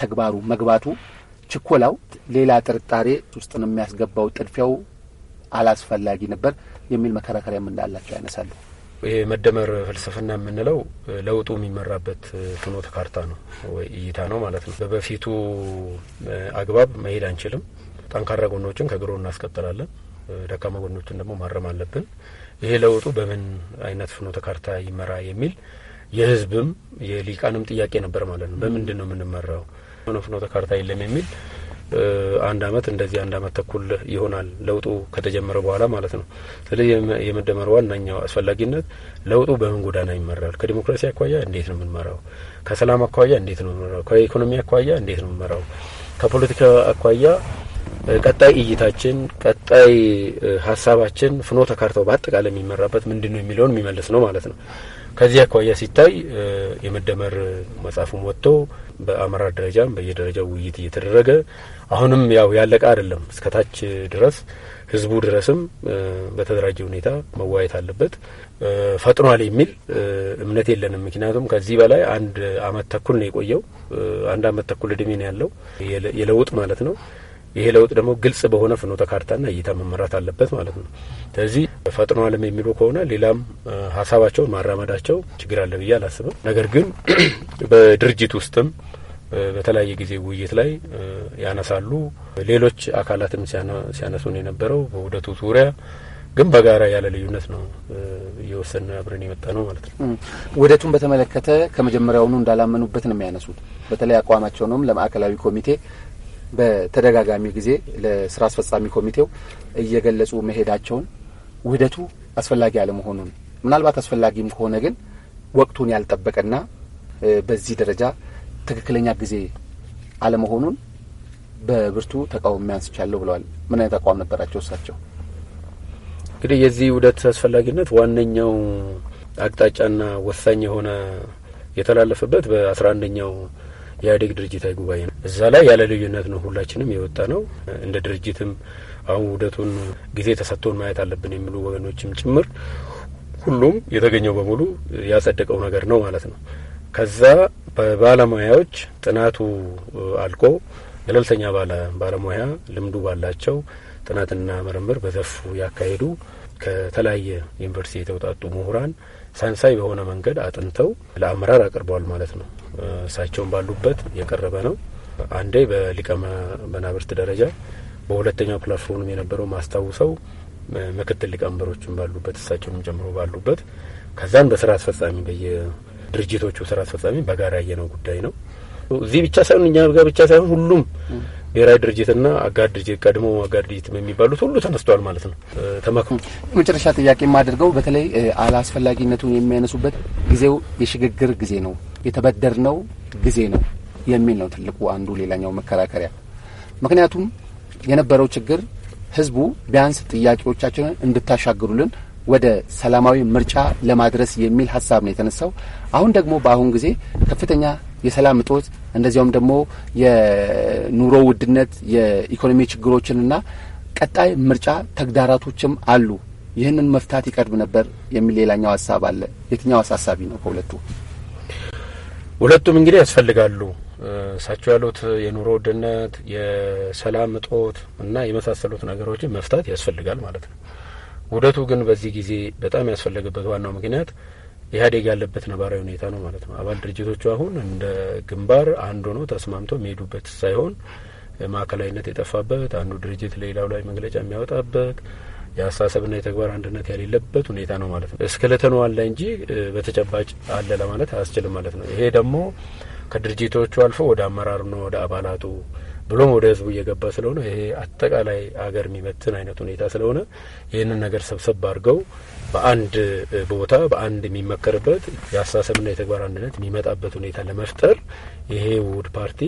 ተግባሩ መግባቱ ችኮላው ሌላ ጥርጣሬ ውስጥን የሚያስገባው ጥድፊያው አላስፈላጊ ነበር የሚል መከራከሪያም እንዳላቸው ያነሳሉ። የመደመር መደመር ፍልስፍና የምንለው ለውጡ የሚመራበት ፍኖተ ካርታ ነው ወይ እይታ ነው ማለት ነው። በበፊቱ አግባብ መሄድ አንችልም። ጠንካራ ጎኖችን ከግሮ እናስቀጥላለን፣ ደካማ ጎኖችን ደግሞ ማረም አለብን። ይሄ ለውጡ በምን አይነት ፍኖተ ካርታ ይመራ የሚል የህዝብም የሊቃንም ጥያቄ ነበር ማለት ነው። በምንድን ነው የምንመራው? ፍኖተ ካርታ የለም የሚል አንድ አመት እንደዚህ አንድ አመት ተኩል ይሆናል ለውጡ ከተጀመረ በኋላ ማለት ነው። ስለዚህ የመደመር ዋናኛው አስፈላጊነት ለውጡ በምን ጎዳና ይመራል፣ ከዲሞክራሲ አኳያ እንዴት ነው የምንመራው፣ ከሰላም አኳያ እንዴት ነው የምንመራው፣ ከኢኮኖሚ አኳያ እንዴት ነው የምንመራው፣ ከፖለቲካ አኳያ ቀጣይ እይታችን ቀጣይ ሀሳባችን ፍኖ ተካርተው በአጠቃላይ የሚመራበት ምንድን ነው የሚለውን የሚመልስ ነው ማለት ነው። ከዚህ አኳያ ሲታይ የመደመር መጽሐፉም ወጥቶ በአመራር ደረጃም በየደረጃው ውይይት እየተደረገ አሁንም ያው ያለቀ አይደለም። እስከታች ድረስ ህዝቡ ድረስም በተደራጀ ሁኔታ መዋየት አለበት። ፈጥኗል የሚል እምነት የለንም። ምክንያቱም ከዚህ በላይ አንድ አመት ተኩል ነው የቆየው። አንድ አመት ተኩል እድሜ ነው ያለው የለውጥ ማለት ነው። ይሄ ለውጥ ደግሞ ግልጽ በሆነ ፍኖተ ካርታና እይታ መመራት አለበት ማለት ነው። ስለዚህ ፈጥኖ አለም የሚሉ ከሆነ ሌላም ሀሳባቸውን ማራመዳቸው ችግር አለ ብዬ አላስብም። ነገር ግን [clears throat] በድርጅት ውስጥም በተለያየ ጊዜ ውይይት ላይ ያነሳሉ። ሌሎች አካላትም ሲያነሱን የነበረው በውህደቱ ዙሪያ ግን በጋራ ያለ ልዩነት ነው እየወሰን አብረን የመጣ ነው ማለት ነው። ውህደቱን በተመለከተ ከመጀመሪያውኑ እንዳላመኑበት ነው የሚያነሱት። በተለይ አቋማቸውንም ለማዕከላዊ ኮሚቴ በተደጋጋሚ ጊዜ ለስራ አስፈጻሚ ኮሚቴው እየገለጹ መሄዳቸውን ውህደቱ አስፈላጊ አለመሆኑን ምናልባት አስፈላጊም ከሆነ ግን ወቅቱን ያልጠበቀና በዚህ ደረጃ ትክክለኛ ጊዜ አለመሆኑን በብርቱ ተቃውሞ አንስቻለሁ ብለዋል። ምን አይነት አቋም ነበራቸው እሳቸው? እንግዲህ የዚህ ውህደት አስፈላጊነት ዋነኛው አቅጣጫና ወሳኝ የሆነ የተላለፈበት በአስራ አንደኛው የኢህአዴግ ድርጅታዊ ጉባኤ ነው። እዛ ላይ ያለ ልዩነት ነው ሁላችንም የወጣ ነው። እንደ ድርጅትም አሁን ውህደቱን ጊዜ ተሰጥቶን ማየት አለብን የሚሉ ወገኖችም ጭምር ሁሉም የተገኘው በሙሉ ያጸደቀው ነገር ነው ማለት ነው። ከዛ በባለሙያዎች ጥናቱ አልቆ ገለልተኛ ባለሙያ ልምዱ ባላቸው ጥናትና ምርምር በዘርፉ ያካሄዱ ከተለያየ ዩኒቨርሲቲ የተውጣጡ ምሁራን ሳንሳይ በሆነ መንገድ አጥንተው ለአመራር አቅርበዋል ማለት ነው። እሳቸውን ባሉበት የቀረበ ነው። አንዴ በሊቀ መናብርት ደረጃ በሁለተኛው ፕላትፎርም የነበረው ማስታውሰው ምክትል ሊቀመንበሮችን ባሉበት እሳቸውንም ጨምሮ ባሉበት ከዛን በስራ አስፈጻሚ በየ ድርጅቶቹ ስራ አስፈጻሚ በጋራ ያየነው ጉዳይ ነው። እዚህ ብቻ ሳይሆን እኛ ጋር ብቻ ሳይሆን ሁሉም ብሔራዊ ድርጅትና አጋር ድርጅት ቀድሞ አጋር ድርጅት የሚባሉት ሁሉ ተነስቷል ማለት ነው። ተመክሮ መጨረሻ ጥያቄ የማደርገው በተለይ አላስፈላጊነቱን የሚያነሱበት ጊዜው የሽግግር ጊዜ ነው፣ የተበደርነው ጊዜ ነው የሚል ነው ትልቁ አንዱ ሌላኛው መከራከሪያ። ምክንያቱም የነበረው ችግር ህዝቡ ቢያንስ ጥያቄዎቻችንን እንድታሻግሩልን ወደ ሰላማዊ ምርጫ ለማድረስ የሚል ሀሳብ ነው የተነሳው። አሁን ደግሞ በአሁን ጊዜ ከፍተኛ የሰላም እጦት እንደዚያውም ደግሞ የኑሮ ውድነት የኢኮኖሚ ችግሮችንና ቀጣይ ምርጫ ተግዳራቶችም አሉ። ይህንን መፍታት ይቀድም ነበር የሚል ሌላኛው ሀሳብ አለ። የትኛው አሳሳቢ ነው? ከሁለቱ ሁለቱም እንግዲህ ያስፈልጋሉ። እሳቸው ያሉት የኑሮ ውድነት፣ የሰላም እጦት እና የመሳሰሉት ነገሮችን መፍታት ያስፈልጋል ማለት ነው። ውህደቱ ግን በዚህ ጊዜ በጣም ያስፈለገበት ዋናው ምክንያት ኢህአዴግ ያለበት ነባራዊ ሁኔታ ነው ማለት ነው። አባል ድርጅቶቹ አሁን እንደ ግንባር አንድ ሆነው ተስማምቶ የሚሄዱበት ሳይሆን ማዕከላዊነት የጠፋበት አንዱ ድርጅት ሌላው ላይ መግለጫ የሚያወጣበት የአስተሳሰብና የተግባር አንድነት ያሌለበት ሁኔታ ነው ማለት ነው። እስክለተኑ አለ እንጂ በተጨባጭ አለ ለማለት አያስችልም ማለት ነው። ይሄ ደግሞ ከድርጅቶቹ አልፎ ወደ አመራሩ ወደ አባላቱ ብሎም ወደ ህዝቡ እየገባ ስለሆነ ይሄ አጠቃላይ አገር የሚመትን አይነት ሁኔታ ስለሆነ ይህንን ነገር ሰብሰብ አድርገው በአንድ ቦታ በአንድ የሚመከርበት የአስተሳሰብና የተግባር አንድነት የሚመጣበት ሁኔታ ለመፍጠር ይሄ ውድ ፓርቲ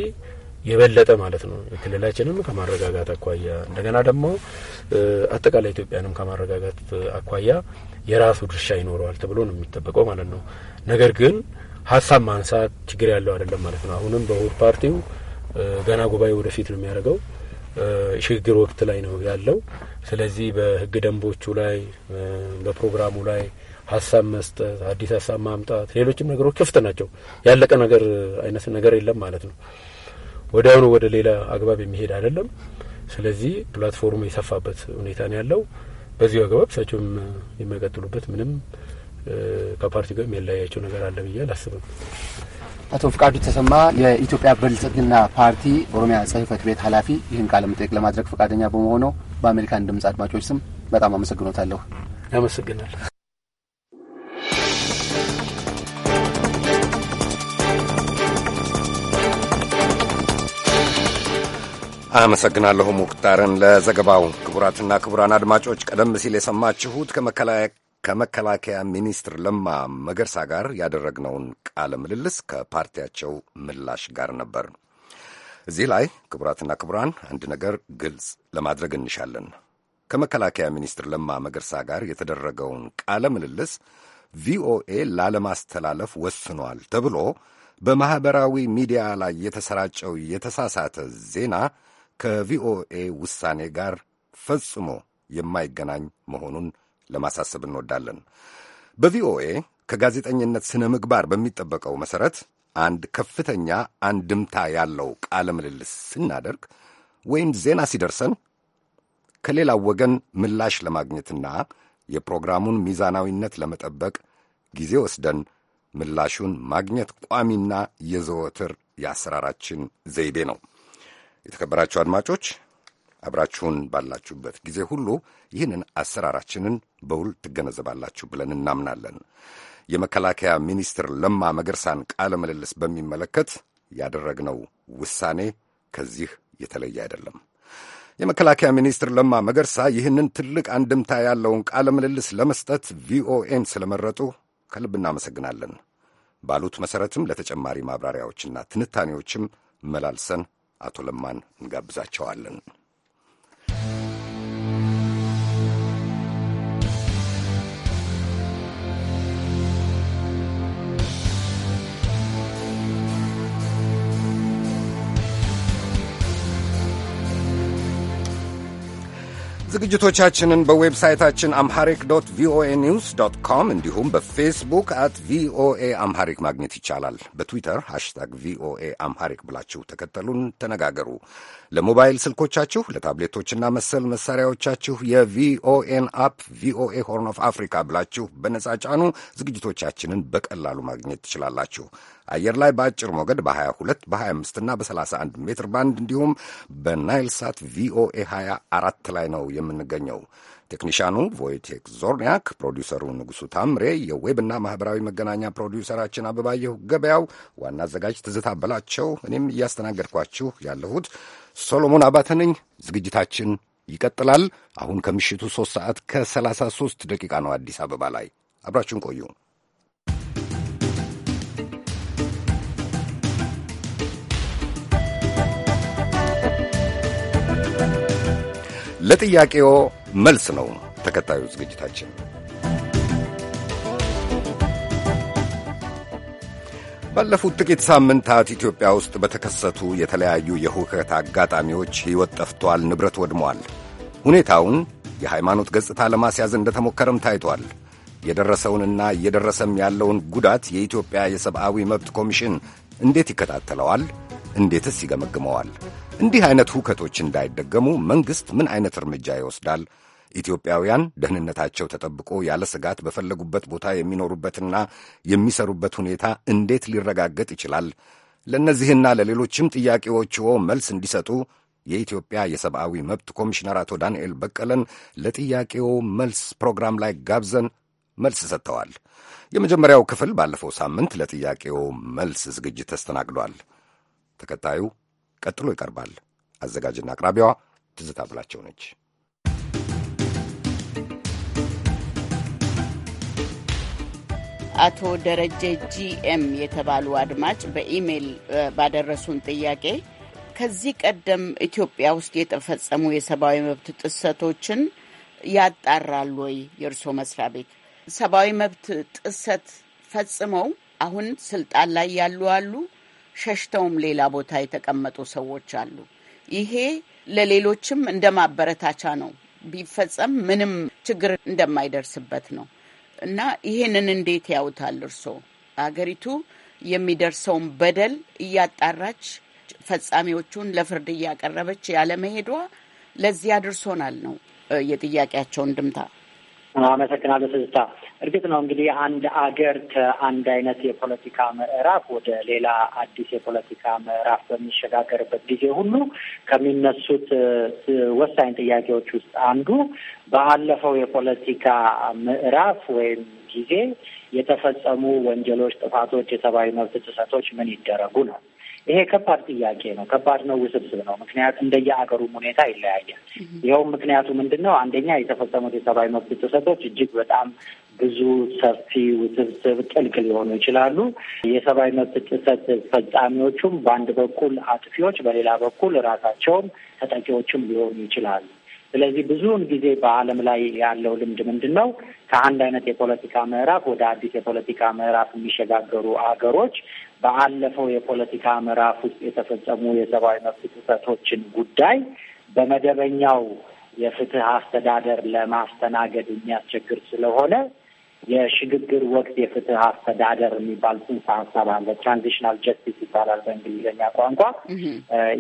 የበለጠ ማለት ነው ክልላችንም ከማረጋጋት አኳያ እንደገና ደግሞ አጠቃላይ ኢትዮጵያንም ከማረጋጋት አኳያ የራሱ ድርሻ ይኖረዋል ተብሎ ነው የሚጠበቀው ማለት ነው። ነገር ግን ሀሳብ ማንሳት ችግር ያለው አይደለም ማለት ነው። አሁንም በውድ ፓርቲው ገና ጉባኤ ወደፊት ነው የሚያደርገው ሽግግር ወቅት ላይ ነው ያለው። ስለዚህ በህግ ደንቦቹ ላይ በፕሮግራሙ ላይ ሀሳብ መስጠት፣ አዲስ ሀሳብ ማምጣት፣ ሌሎችም ነገሮች ክፍት ናቸው። ያለቀ ነገር አይነት ነገር የለም ማለት ነው። ወዲያውኑ ወደ ሌላ አግባብ የሚሄድ አይደለም። ስለዚህ ፕላትፎርሙ የሰፋበት ሁኔታ ነው ያለው። በዚሁ አግባብ እሳቸውም የሚቀጥሉበት ምንም ከፓርቲ ጋር የሚለያያቸው ነገር አለ ብዬ አላስብም። አቶ ፍቃዱ ተሰማ የኢትዮጵያ ብልጽግና ፓርቲ ኦሮሚያ ጽህፈት ቤት ኃላፊ ይህን ቃለ መጠየቅ ለማድረግ ፈቃደኛ በመሆኑ በአሜሪካን ድምፅ አድማጮች ስም በጣም አመሰግኖታለሁ። አመሰግናለሁ። አመሰግናለሁ ሙክታርን ለዘገባው። ክቡራትና ክቡራን አድማጮች ቀደም ሲል የሰማችሁት ከመከላከያ ከመከላከያ ሚኒስትር ለማ መገርሳ ጋር ያደረግነውን ቃለ ምልልስ ከፓርቲያቸው ምላሽ ጋር ነበር። እዚህ ላይ ክቡራትና ክቡራን አንድ ነገር ግልጽ ለማድረግ እንሻለን። ከመከላከያ ሚኒስትር ለማ መገርሳ ጋር የተደረገውን ቃለ ምልልስ ቪኦኤ ላለማስተላለፍ ወስኗል ተብሎ በማኅበራዊ ሚዲያ ላይ የተሰራጨው የተሳሳተ ዜና ከቪኦኤ ውሳኔ ጋር ፈጽሞ የማይገናኝ መሆኑን ለማሳሰብ እንወዳለን። በቪኦኤ ከጋዜጠኝነት ስነ ምግባር በሚጠበቀው መሠረት አንድ ከፍተኛ አንድምታ ያለው ቃለ ምልልስ ስናደርግ ወይም ዜና ሲደርሰን ከሌላው ወገን ምላሽ ለማግኘትና የፕሮግራሙን ሚዛናዊነት ለመጠበቅ ጊዜ ወስደን ምላሹን ማግኘት ቋሚና የዘወትር የአሰራራችን ዘይቤ ነው። የተከበራችሁ አድማጮች አብራችሁን ባላችሁበት ጊዜ ሁሉ ይህንን አሰራራችንን በውል ትገነዘባላችሁ ብለን እናምናለን። የመከላከያ ሚኒስትር ለማ መገርሳን ቃለ ምልልስ በሚመለከት ያደረግነው ውሳኔ ከዚህ የተለየ አይደለም። የመከላከያ ሚኒስትር ለማ መገርሳ ይህንን ትልቅ አንድምታ ያለውን ቃለ ምልልስ ለመስጠት ቪኦኤን ስለመረጡ ከልብ እናመሰግናለን። ባሉት መሠረትም ለተጨማሪ ማብራሪያዎችና ትንታኔዎችም መላልሰን አቶ ለማን እንጋብዛቸዋለን። ዝግጅቶቻችንን በዌብሳይታችን አምሐሪክ ዶት ቪኦኤ ኒውስ ዶት ኮም እንዲሁም በፌስቡክ አት ቪኦኤ አምሐሪክ ማግኘት ይቻላል። በትዊተር ሃሽታግ ቪኦኤ አምሐሪክ ብላችሁ ተከተሉን፣ ተነጋገሩ። ለሞባይል ስልኮቻችሁ ለታብሌቶችና መሰል መሳሪያዎቻችሁ የቪኦኤን አፕ ቪኦኤ ሆርን ኦፍ አፍሪካ ብላችሁ በነጻ ጫኑ። ዝግጅቶቻችንን በቀላሉ ማግኘት ትችላላችሁ። አየር ላይ በአጭር ሞገድ በ22 በ25 እና በ31 ሜትር ባንድ እንዲሁም በናይል ሳት ቪኦኤ 24 ላይ ነው የምንገኘው። ቴክኒሻኑ ቮይቴክ ዞርኒያክ፣ ፕሮዲውሰሩ ንጉሡ ታምሬ፣ የዌብና ማኅበራዊ መገናኛ ፕሮዲውሰራችን አበባየሁ ገበያው፣ ዋና አዘጋጅ ትዝታ በላቸው፣ እኔም እያስተናገድኳችሁ ያለሁት ሶሎሞን አባተ ነኝ። ዝግጅታችን ይቀጥላል። አሁን ከምሽቱ 3 ሰዓት ከ33 ደቂቃ ነው አዲስ አበባ ላይ። አብራችሁን ቆዩ። ለጥያቄዎ መልስ ነው ተከታዩ ዝግጅታችን። ባለፉት ጥቂት ሳምንታት ኢትዮጵያ ውስጥ በተከሰቱ የተለያዩ የሁከት አጋጣሚዎች ሕይወት ጠፍቷል፣ ንብረት ወድሟል። ሁኔታውን የሃይማኖት ገጽታ ለማስያዝ እንደተሞከረም ታይቷል። የደረሰውንና እየደረሰም ያለውን ጉዳት የኢትዮጵያ የሰብአዊ መብት ኮሚሽን እንዴት ይከታተለዋል? እንዴትስ ይገመግመዋል? እንዲህ አይነት ሁከቶች እንዳይደገሙ መንግሥት ምን አይነት እርምጃ ይወስዳል? ኢትዮጵያውያን ደህንነታቸው ተጠብቆ ያለ ስጋት በፈለጉበት ቦታ የሚኖሩበትና የሚሰሩበት ሁኔታ እንዴት ሊረጋገጥ ይችላል? ለእነዚህና ለሌሎችም ጥያቄዎችዎ መልስ እንዲሰጡ የኢትዮጵያ የሰብአዊ መብት ኮሚሽነር አቶ ዳንኤል በቀለን ለጥያቄው መልስ ፕሮግራም ላይ ጋብዘን መልስ ሰጥተዋል። የመጀመሪያው ክፍል ባለፈው ሳምንት ለጥያቄው መልስ ዝግጅት ተስተናግዷል። ተከታዩ ቀጥሎ ይቀርባል። አዘጋጅና አቅራቢዋ ትዝታ ብላቸው ነች። አቶ ደረጀ ጂኤም የተባሉ አድማጭ በኢሜይል ባደረሱን ጥያቄ ከዚህ ቀደም ኢትዮጵያ ውስጥ የተፈጸሙ የሰብአዊ መብት ጥሰቶችን ያጣራል ወይ የእርስዎ መስሪያ ቤት? ሰብአዊ መብት ጥሰት ፈጽመው አሁን ስልጣን ላይ ያሉ አሉ፣ ሸሽተውም ሌላ ቦታ የተቀመጡ ሰዎች አሉ። ይሄ ለሌሎችም እንደ ማበረታቻ ነው፣ ቢፈጸም ምንም ችግር እንደማይደርስበት ነው። እና ይሄንን እንዴት ያውታል እርስዎ? አገሪቱ የሚደርሰውን በደል እያጣራች ፈጻሚዎቹን ለፍርድ እያቀረበች ያለመሄዷ ለዚህ አድርሶናል ነው የጥያቄያቸውን ድምታ አመሰግናለሁ ትዝታ። እርግጥ ነው እንግዲህ አንድ አገር ከአንድ አይነት የፖለቲካ ምዕራፍ ወደ ሌላ አዲስ የፖለቲካ ምዕራፍ በሚሸጋገርበት ጊዜ ሁሉ ከሚነሱት ወሳኝ ጥያቄዎች ውስጥ አንዱ ባለፈው የፖለቲካ ምዕራፍ ወይም ጊዜ የተፈጸሙ ወንጀሎች፣ ጥፋቶች፣ የሰብአዊ መብት ጥሰቶች ምን ይደረጉ ነው። ይሄ ከባድ ጥያቄ ነው። ከባድ ነው፣ ውስብስብ ነው። ምክንያት እንደየአገሩም ሁኔታ ይለያያል። ይኸውም ምክንያቱ ምንድን ነው? አንደኛ የተፈጸሙት የሰብአዊ መብት ጥሰቶች እጅግ በጣም ብዙ፣ ሰፊ፣ ውስብስብ፣ ጥልቅ ሊሆኑ ይችላሉ። የሰብአዊ መብት ጥሰት ፈጻሚዎቹም በአንድ በኩል አጥፊዎች፣ በሌላ በኩል ራሳቸውም ተጠቂዎችም ሊሆኑ ይችላሉ። ስለዚህ ብዙውን ጊዜ በዓለም ላይ ያለው ልምድ ምንድን ነው? ከአንድ አይነት የፖለቲካ ምዕራፍ ወደ አዲስ የፖለቲካ ምዕራፍ የሚሸጋገሩ አገሮች በአለፈው የፖለቲካ ምዕራፍ ውስጥ የተፈጸሙ የሰብአዊ መብት ጥሰቶችን ጉዳይ በመደበኛው የፍትህ አስተዳደር ለማስተናገድ የሚያስቸግር ስለሆነ የሽግግር ወቅት የፍትህ አስተዳደር የሚባል ጽንሰ ሀሳብ አለ። ትራንዚሽናል ጀስቲስ ይባላል በእንግሊዝኛ ቋንቋ።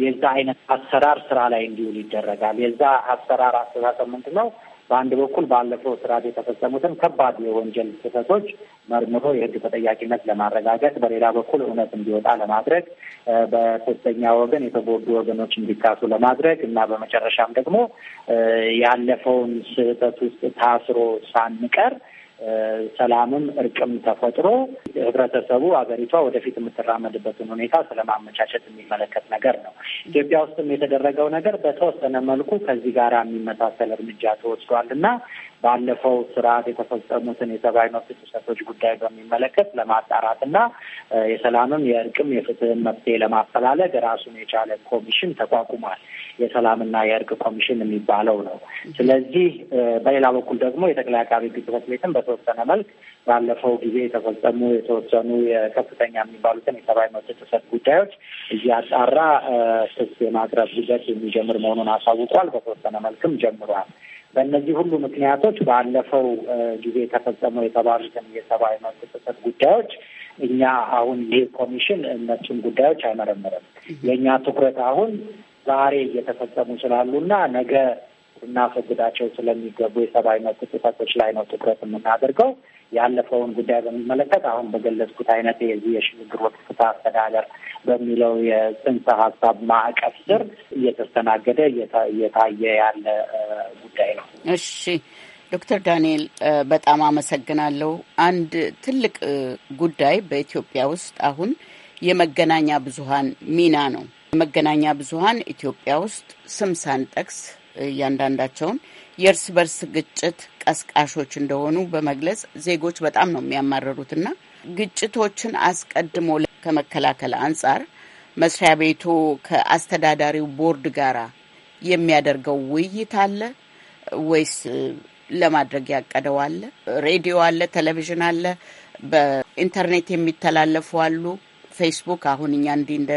የዛ አይነት አሰራር ስራ ላይ እንዲውል ይደረጋል። የዛ አሰራር አስተሳሰብ ምንድን ነው? በአንድ በኩል ባለፈው ስርዓት የተፈጸሙትን ከባድ የወንጀል ስህተቶች መርምሮ የህግ ተጠያቂነት ለማረጋገጥ፣ በሌላ በኩል እውነት እንዲወጣ ለማድረግ፣ በሶስተኛ ወገን የተጎዱ ወገኖች እንዲካሱ ለማድረግ እና በመጨረሻም ደግሞ ያለፈውን ስህተት ውስጥ ታስሮ ሳንቀር ሰላምም እርቅም ተፈጥሮ ህብረተሰቡ ሀገሪቷ ወደፊት የምትራመድበትን ሁኔታ ስለማመቻቸት የሚመለከት ነገር ነው። ኢትዮጵያ ውስጥም የተደረገው ነገር በተወሰነ መልኩ ከዚህ ጋር የሚመሳሰል እርምጃ ተወስዷል እና ባለፈው ስርዓት የተፈጸሙትን የሰብአዊ መብት ጥሰቶች ጉዳይ በሚመለከት ለማጣራት እና የሰላምም የእርቅም የፍትህን መፍትሄ ለማፈላለግ ራሱን የቻለ ኮሚሽን ተቋቁሟል። የሰላምና የእርቅ ኮሚሽን የሚባለው ነው። ስለዚህ በሌላ በኩል ደግሞ የጠቅላይ አቃቤ ሕግ ጽሕፈት ቤትም በተወሰነ መልክ ባለፈው ጊዜ የተፈጸሙ የተወሰኑ የከፍተኛ የሚባሉትን የሰብአዊ መብት ጥሰት ጉዳዮች እያጣራ ክስ የማቅረብ ሂደት የሚጀምር መሆኑን አሳውቋል። በተወሰነ መልክም ጀምሯል። በእነዚህ ሁሉ ምክንያቶች ባለፈው ጊዜ ተፈጸመው የተባሉትን የሰብአዊ መብት ጥሰት ጉዳዮች እኛ አሁን ይህ ኮሚሽን እነሱን ጉዳዮች አይመረምርም። የእኛ ትኩረት አሁን ዛሬ እየተፈጸሙ ስላሉና ነገ እናስወግዳቸው ስለሚገቡ የሰብአዊ መብት ጥሰቶች ላይ ነው ትኩረት የምናደርገው። ያለፈውን ጉዳይ በሚመለከት አሁን በገለጽኩት አይነት የዚህ የሽግግር ወቅት ፍትህ አስተዳደር በሚለው የጽንሰ ሀሳብ ማዕቀፍ ስር እየተስተናገደ እየታየ ያለ ጉዳይ ነው። እሺ ዶክተር ዳንኤል በጣም አመሰግናለሁ። አንድ ትልቅ ጉዳይ በኢትዮጵያ ውስጥ አሁን የመገናኛ ብዙሀን ሚና ነው። የመገናኛ ብዙሀን ኢትዮጵያ ውስጥ ስም ሳንጠቅስ እያንዳንዳቸውን የእርስ በርስ ግጭት ቀስቃሾች እንደሆኑ በመግለጽ ዜጎች በጣም ነው የሚያማረሩትና ግጭቶችን አስቀድሞ ከመከላከል አንጻር መስሪያ ቤቱ ከአስተዳዳሪው ቦርድ ጋራ የሚያደርገው ውይይት አለ ወይስ ለማድረግ ያቀደው አለ? ሬዲዮ አለ፣ ቴሌቪዥን አለ፣ በኢንተርኔት የሚተላለፉ አሉ። ፌስቡክ አሁን እኛ እንዲህ እንደ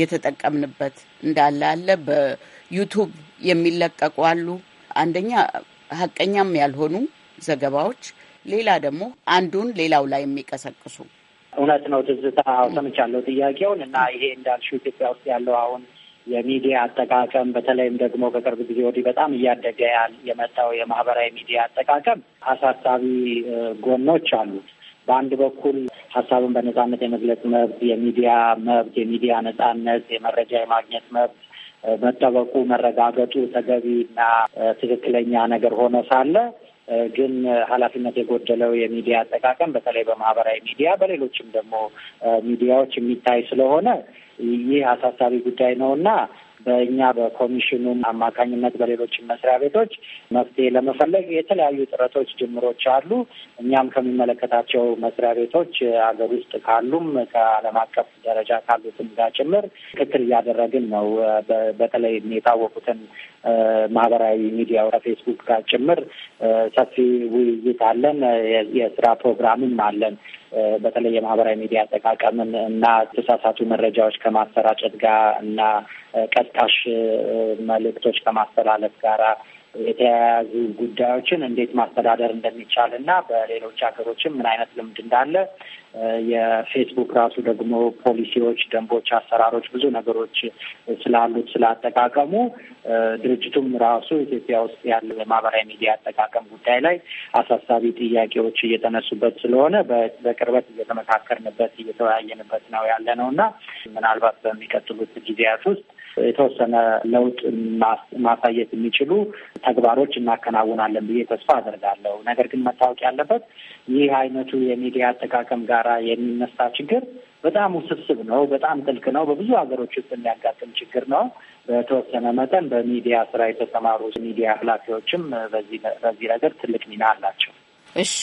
የተጠቀምንበት እንዳለ አለ። በዩቱብ የሚለቀቁ አሉ። አንደኛ ሀቀኛም ያልሆኑ ዘገባዎች፣ ሌላ ደግሞ አንዱን ሌላው ላይ የሚቀሰቅሱ እውነት ነው። ትዝታ ሰምቻለሁ ጥያቄውን እና ይሄ እንዳልሽው ኢትዮጵያ ውስጥ ያለው አሁን የሚዲያ አጠቃቀም በተለይም ደግሞ ከቅርብ ጊዜ ወዲህ በጣም እያደገ ያል የመጣው የማህበራዊ ሚዲያ አጠቃቀም አሳሳቢ ጎኖች አሉት። በአንድ በኩል ሀሳብን በነጻነት የመግለጽ መብት፣ የሚዲያ መብት፣ የሚዲያ ነጻነት፣ የመረጃ የማግኘት መብት መጠበቁ መረጋገጡ ተገቢ እና ትክክለኛ ነገር ሆኖ ሳለ ግን ኃላፊነት የጎደለው የሚዲያ አጠቃቀም በተለይ በማህበራዊ ሚዲያ በሌሎችም ደግሞ ሚዲያዎች የሚታይ ስለሆነ ይህ አሳሳቢ ጉዳይ ነው እና በእኛ በኮሚሽኑም አማካኝነት በሌሎችም መስሪያ ቤቶች መፍትሄ ለመፈለግ የተለያዩ ጥረቶች፣ ጅምሮች አሉ። እኛም ከሚመለከታቸው መስሪያ ቤቶች አገር ውስጥ ካሉም ከዓለም አቀፍ ደረጃ ካሉትም ጋር ጭምር ክትትል እያደረግን ነው። በተለይ የታወቁትን ማህበራዊ ሚዲያው ከፌስቡክ ጋር ጭምር ሰፊ ውይይት አለን። የስራ ፕሮግራምም አለን። በተለይ የማህበራዊ ሚዲያ አጠቃቀምን እና ተሳሳቱ መረጃዎች ከማሰራጨት ጋር እና ቀጣሽ መልእክቶች ከማስተላለፍ ጋር የተያያዙ ጉዳዮችን እንዴት ማስተዳደር እንደሚቻል እና በሌሎች ሀገሮችም ምን አይነት ልምድ እንዳለ የፌስቡክ ራሱ ደግሞ ፖሊሲዎች፣ ደንቦች፣ አሰራሮች ብዙ ነገሮች ስላሉት ስላጠቃቀሙ ድርጅቱም ራሱ ኢትዮጵያ ውስጥ ያለው የማህበራዊ ሚዲያ አጠቃቀም ጉዳይ ላይ አሳሳቢ ጥያቄዎች እየተነሱበት ስለሆነ በቅርበት እየተመካከርንበት እየተወያየንበት ነው ያለ ነው እና ምናልባት በሚቀጥሉት ጊዜያት ውስጥ የተወሰነ ለውጥ ማሳየት የሚችሉ ተግባሮች እናከናውናለን ብዬ ተስፋ አደርጋለሁ። ነገር ግን መታወቅ ያለበት ይህ አይነቱ የሚዲያ አጠቃቀም ጋር ጋራ የሚነሳ ችግር በጣም ውስብስብ ነው። በጣም ጥልቅ ነው። በብዙ ሀገሮች ውስጥ የሚያጋጥም ችግር ነው። በተወሰነ መጠን በሚዲያ ስራ የተሰማሩ ሚዲያ ኃላፊዎችም በዚህ ነገር ትልቅ ሚና አላቸው። እሺ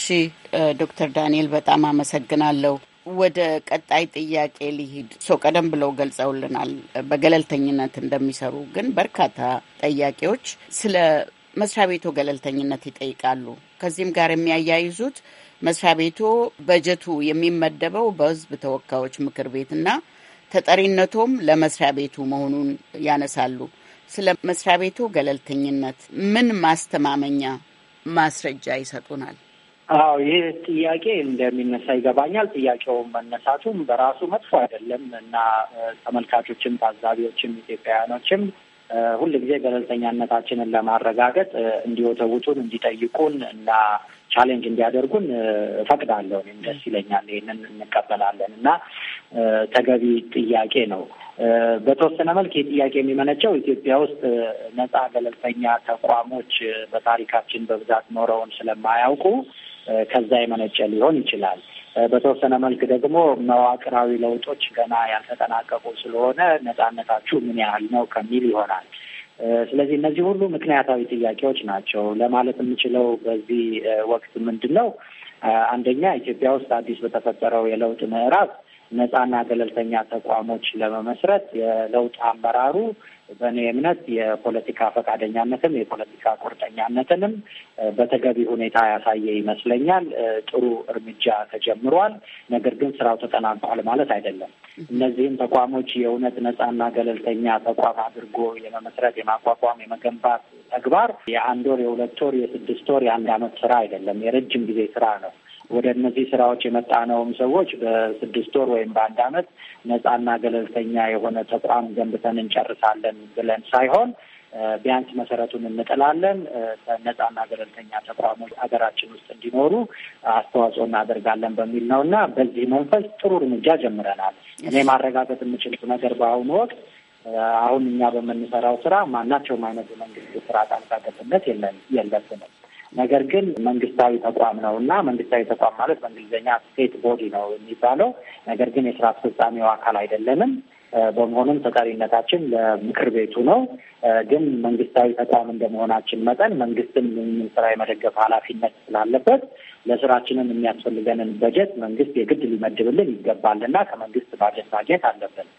ዶክተር ዳንኤል በጣም አመሰግናለሁ። ወደ ቀጣይ ጥያቄ ሊሂድ ሰው ቀደም ብለው ገልጸውልናል፣ በገለልተኝነት እንደሚሰሩ ግን በርካታ ጥያቄዎች ስለ መስሪያ ቤቱ ገለልተኝነት ይጠይቃሉ። ከዚህም ጋር የሚያያይዙት መስሪያ ቤቱ በጀቱ የሚመደበው በህዝብ ተወካዮች ምክር ቤትና ተጠሪነቶም ለመስሪያ ቤቱ መሆኑን ያነሳሉ። ስለ መስሪያ ቤቱ ገለልተኝነት ምን ማስተማመኛ ማስረጃ ይሰጡናል? አዎ ይህ ጥያቄ እንደሚነሳ ይገባኛል። ጥያቄውን መነሳቱም በራሱ መጥፎ አይደለም እና ተመልካቾችም ታዛቢዎችም ኢትዮጵያውያኖችም ሁልጊዜ ገለልተኛነታችንን ለማረጋገጥ እንዲወተውቱን እንዲጠይቁን እና ቻሌንጅ እንዲያደርጉን እፈቅዳለሁ። እኔም ደስ ይለኛል። ይህንን እንቀበላለን እና ተገቢ ጥያቄ ነው። በተወሰነ መልክ ይህ ጥያቄ የሚመነጨው ኢትዮጵያ ውስጥ ነጻ ገለልተኛ ተቋሞች በታሪካችን በብዛት ኖረውን ስለማያውቁ ከዛ የመነጨ ሊሆን ይችላል። በተወሰነ መልክ ደግሞ መዋቅራዊ ለውጦች ገና ያልተጠናቀቁ ስለሆነ ነጻነታችሁ ምን ያህል ነው ከሚል ይሆናል። ስለዚህ እነዚህ ሁሉ ምክንያታዊ ጥያቄዎች ናቸው ለማለት የምችለው በዚህ ወቅት ምንድን ነው፣ አንደኛ ኢትዮጵያ ውስጥ አዲስ በተፈጠረው የለውጥ ምዕራፍ ነጻና ገለልተኛ ተቋሞች ለመመስረት የለውጥ አመራሩ በእኔ እምነት የፖለቲካ ፈቃደኛነትም የፖለቲካ ቁርጠኛነትንም በተገቢ ሁኔታ ያሳየ ይመስለኛል። ጥሩ እርምጃ ተጀምሯል። ነገር ግን ስራው ተጠናቋል ማለት አይደለም። እነዚህም ተቋሞች የእውነት ነጻና ገለልተኛ ተቋም አድርጎ የመመስረት የማቋቋም፣ የመገንባት ተግባር የአንድ ወር፣ የሁለት ወር፣ የስድስት ወር፣ የአንድ አመት ስራ አይደለም። የረጅም ጊዜ ስራ ነው። ወደ እነዚህ ስራዎች የመጣነውም ሰዎች በስድስት ወር ወይም በአንድ አመት ነጻና ገለልተኛ የሆነ ተቋም ገንብተን እንጨርሳለን ብለን ሳይሆን ቢያንስ መሰረቱን እንጥላለን። ነጻና ገለልተኛ ተቋሞች ሀገራችን ውስጥ እንዲኖሩ አስተዋጽኦ እናደርጋለን በሚል ነው እና በዚህ መንፈስ ጥሩ እርምጃ ጀምረናል። እኔ ማረጋገጥ የምችል ነገር በአሁኑ ወቅት አሁን እኛ በምንሰራው ስራ ማናቸውም አይነት የመንግስት ስራ ጣልቃ ገብነት የለብንም። ነገር ግን መንግስታዊ ተቋም ነው እና መንግስታዊ ተቋም ማለት በእንግሊዝኛ ስቴት ቦዲ ነው የሚባለው። ነገር ግን የስራ አስፈጻሚው አካል አይደለንም። በመሆኑም ተጠሪነታችን ለምክር ቤቱ ነው። ግን መንግስታዊ ተቋም እንደመሆናችን መጠን መንግስትን ይህንን ስራ የመደገፍ ኃላፊነት ስላለበት ለስራችንን የሚያስፈልገንን በጀት መንግስት የግድ ሊመድብልን ይገባልና ከመንግስት ባጀት ማግኘት አለብን።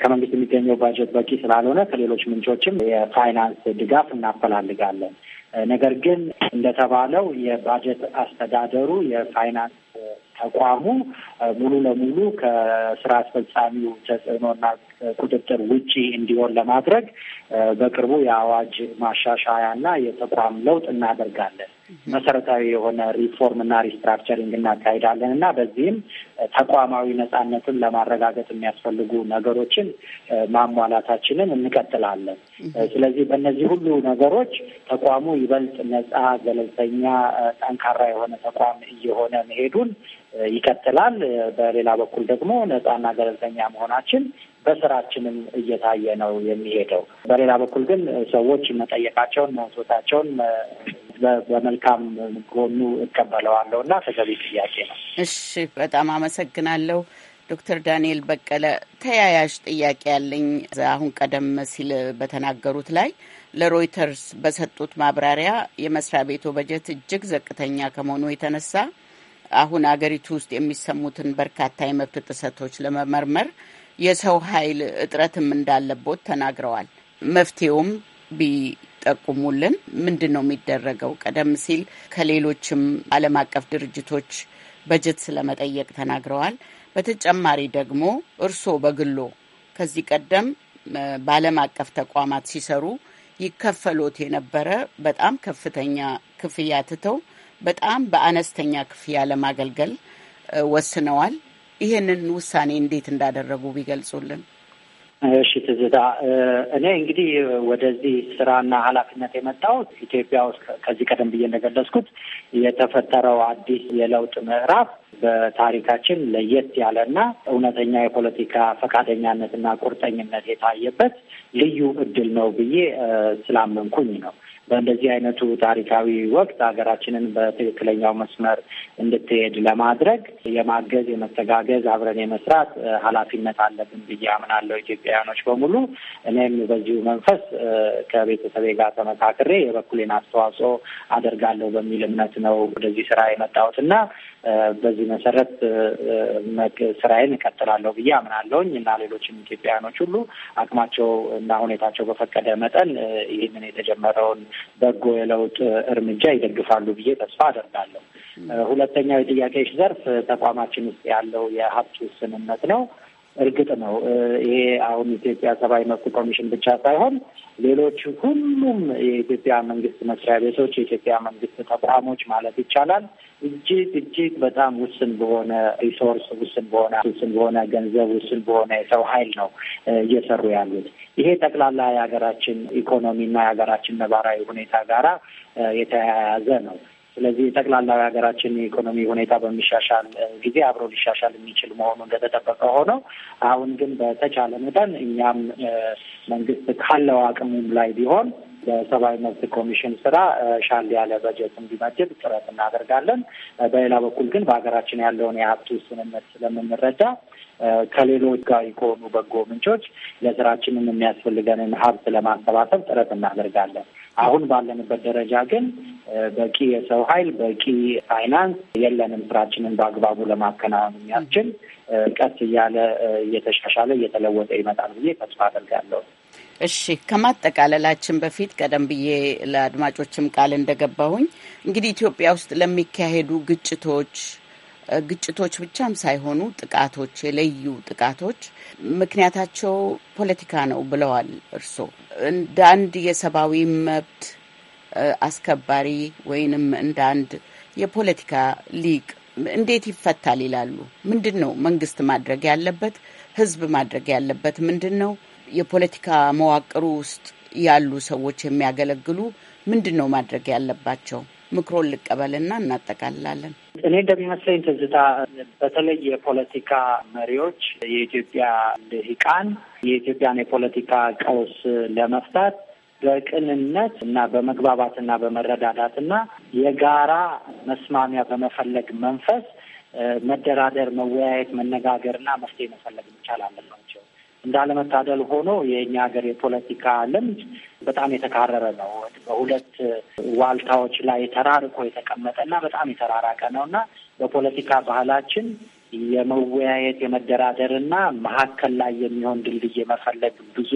ከመንግስት የሚገኘው ባጀት በቂ ስላልሆነ ከሌሎች ምንጮችም የፋይናንስ ድጋፍ እናፈላልጋለን። ነገር ግን እንደተባለው የባጀት አስተዳደሩ የፋይናንስ ተቋሙ ሙሉ ለሙሉ ከስራ አስፈጻሚው ተጽዕኖና ቁጥጥር ውጪ እንዲሆን ለማድረግ በቅርቡ የአዋጅ ማሻሻያና የተቋም ለውጥ እናደርጋለን። መሰረታዊ የሆነ ሪፎርም እና ሪስትራክቸሪንግ እናካሄዳለን እና በዚህም ተቋማዊ ነጻነትን ለማረጋገጥ የሚያስፈልጉ ነገሮችን ማሟላታችንን እንቀጥላለን። ስለዚህ በእነዚህ ሁሉ ነገሮች ተቋሙ ይበልጥ ነጻ፣ ገለልተኛ፣ ጠንካራ የሆነ ተቋም እየሆነ መሄዱን ይቀጥላል። በሌላ በኩል ደግሞ ነጻና ገለልተኛ መሆናችን በስራችንም እየታየ ነው የሚሄደው። በሌላ በኩል ግን ሰዎች መጠየቃቸውን፣ መውሶታቸውን በመልካም ጎኑ እቀበለዋለሁ እና ተገቢ ጥያቄ ነው። እሺ፣ በጣም አመሰግናለሁ ዶክተር ዳንኤል በቀለ። ተያያዥ ጥያቄ ያለኝ አሁን ቀደም ሲል በተናገሩት ላይ ለሮይተርስ በሰጡት ማብራሪያ የመስሪያ ቤቱ በጀት እጅግ ዘቅተኛ ከመሆኑ የተነሳ አሁን አገሪቱ ውስጥ የሚሰሙትን በርካታ የመብት ጥሰቶች ለመመርመር የሰው ኃይል እጥረትም እንዳለቦት ተናግረዋል። መፍትሄውም ቢ ብትጠቁሙልን ምንድን ነው የሚደረገው? ቀደም ሲል ከሌሎችም ዓለም አቀፍ ድርጅቶች በጀት ስለመጠየቅ ተናግረዋል። በተጨማሪ ደግሞ እርስዎ በግሎ ከዚህ ቀደም በዓለም አቀፍ ተቋማት ሲሰሩ ይከፈሎት የነበረ በጣም ከፍተኛ ክፍያ ትተው በጣም በአነስተኛ ክፍያ ለማገልገል ወስነዋል። ይህንን ውሳኔ እንዴት እንዳደረጉ ቢገልጹልን። እሺ ትዝታ፣ እኔ እንግዲህ ወደዚህ ስራና ኃላፊነት የመጣሁት ኢትዮጵያ ውስጥ ከዚህ ቀደም ብዬ እንደገለጽኩት የተፈጠረው አዲስ የለውጥ ምዕራፍ በታሪካችን ለየት ያለና እውነተኛ የፖለቲካ ፈቃደኛነትና ቁርጠኝነት የታየበት ልዩ እድል ነው ብዬ ስላመንኩኝ ነው። በእንደዚህ አይነቱ ታሪካዊ ወቅት ሀገራችንን በትክክለኛው መስመር እንድትሄድ ለማድረግ የማገዝ፣ የመተጋገዝ፣ አብረን የመስራት ኃላፊነት አለብን ብዬ አምናለሁ ኢትዮጵያውያኖች በሙሉ። እኔም በዚሁ መንፈስ ከቤተሰቤ ጋር ተመካክሬ የበኩሌን አስተዋጽኦ አደርጋለሁ በሚል እምነት ነው ወደዚህ ስራ የመጣሁት እና በዚህ መሰረት ስራዬን እቀጥላለሁ ብዬ አምናለሁኝ እና ሌሎችም ኢትዮጵያውያኖች ሁሉ አቅማቸው እና ሁኔታቸው በፈቀደ መጠን ይህንን የተጀመረውን በጎ የለውጥ እርምጃ ይደግፋሉ ብዬ ተስፋ አደርጋለሁ። ሁለተኛው የጥያቄዎች ዘርፍ ተቋማችን ውስጥ ያለው የሀብት ውስንነት ነው። እርግጥ ነው ይሄ አሁን የኢትዮጵያ ሰብአዊ መብት ኮሚሽን ብቻ ሳይሆን ሌሎች ሁሉም የኢትዮጵያ መንግስት መስሪያ ቤቶች፣ የኢትዮጵያ መንግስት ተቋሞች ማለት ይቻላል እጅግ እጅግ በጣም ውስን በሆነ ሪሶርስ፣ ውስን በሆነ ውስን በሆነ ገንዘብ፣ ውስን በሆነ የሰው ኃይል ነው እየሰሩ ያሉት። ይሄ ጠቅላላ የሀገራችን ኢኮኖሚና የሀገራችን ነባራዊ ሁኔታ ጋራ የተያያዘ ነው። ስለዚህ ጠቅላላ ሀገራችን የኢኮኖሚ ሁኔታ በሚሻሻል ጊዜ አብሮ ሊሻሻል የሚችል መሆኑ እንደተጠበቀ ሆነው፣ አሁን ግን በተቻለ መጠን እኛም መንግስት ካለው አቅሙም ላይ ቢሆን በሰብአዊ መብት ኮሚሽን ስራ ሻል ያለ በጀት እንዲመድብ ጥረት እናደርጋለን። በሌላ በኩል ግን በሀገራችን ያለውን የሀብት ውስንነት ስለምንረዳ ከሌሎች ጋር ከሆኑ በጎ ምንጮች ለስራችንም የሚያስፈልገንን ሀብት ለማሰባሰብ ጥረት እናደርጋለን። አሁን ባለንበት ደረጃ ግን በቂ የሰው ኃይል፣ በቂ ፋይናንስ የለንም። ስራችንን በአግባቡ ለማከናወን የሚያስችል ቀስ እያለ እየተሻሻለ እየተለወጠ ይመጣል ብዬ ተስፋ አደርጋለሁ። እሺ ከማጠቃለላችን በፊት ቀደም ብዬ ለአድማጮችም ቃል እንደገባሁኝ እንግዲህ ኢትዮጵያ ውስጥ ለሚካሄዱ ግጭቶች ግጭቶች ብቻም ሳይሆኑ ጥቃቶች፣ የለዩ ጥቃቶች ምክንያታቸው ፖለቲካ ነው ብለዋል እርስዎ። እንደ አንድ የሰብአዊ መብት አስከባሪ ወይንም እንደ አንድ የፖለቲካ ሊቅ እንዴት ይፈታል ይላሉ? ምንድን ነው መንግስት ማድረግ ያለበት? ህዝብ ማድረግ ያለበት ምንድን ነው? የፖለቲካ መዋቅሩ ውስጥ ያሉ ሰዎች የሚያገለግሉ ምንድን ነው ማድረግ ያለባቸው? ምክሮን ልቀበልና እናጠቃልላለን። እኔ እንደሚመስለኝ ትዝታ፣ በተለይ የፖለቲካ መሪዎች፣ የኢትዮጵያ ልሂቃን የኢትዮጵያን የፖለቲካ ቀውስ ለመፍታት በቅንነት እና በመግባባት እና በመረዳዳት እና የጋራ መስማሚያ በመፈለግ መንፈስ መደራደር፣ መወያየት፣ መነጋገር እና መፍትሄ መፈለግ መቻል አለበት። እንዳለመታደል ሆኖ የእኛ ሀገር የፖለቲካ ልምድ በጣም የተካረረ ነው። በሁለት ዋልታዎች ላይ ተራርቆ የተቀመጠና በጣም የተራራቀ ነው እና በፖለቲካ ባህላችን የመወያየት የመደራደርና መሀከል ላይ የሚሆን ድልድይ የመፈለግ ብዙ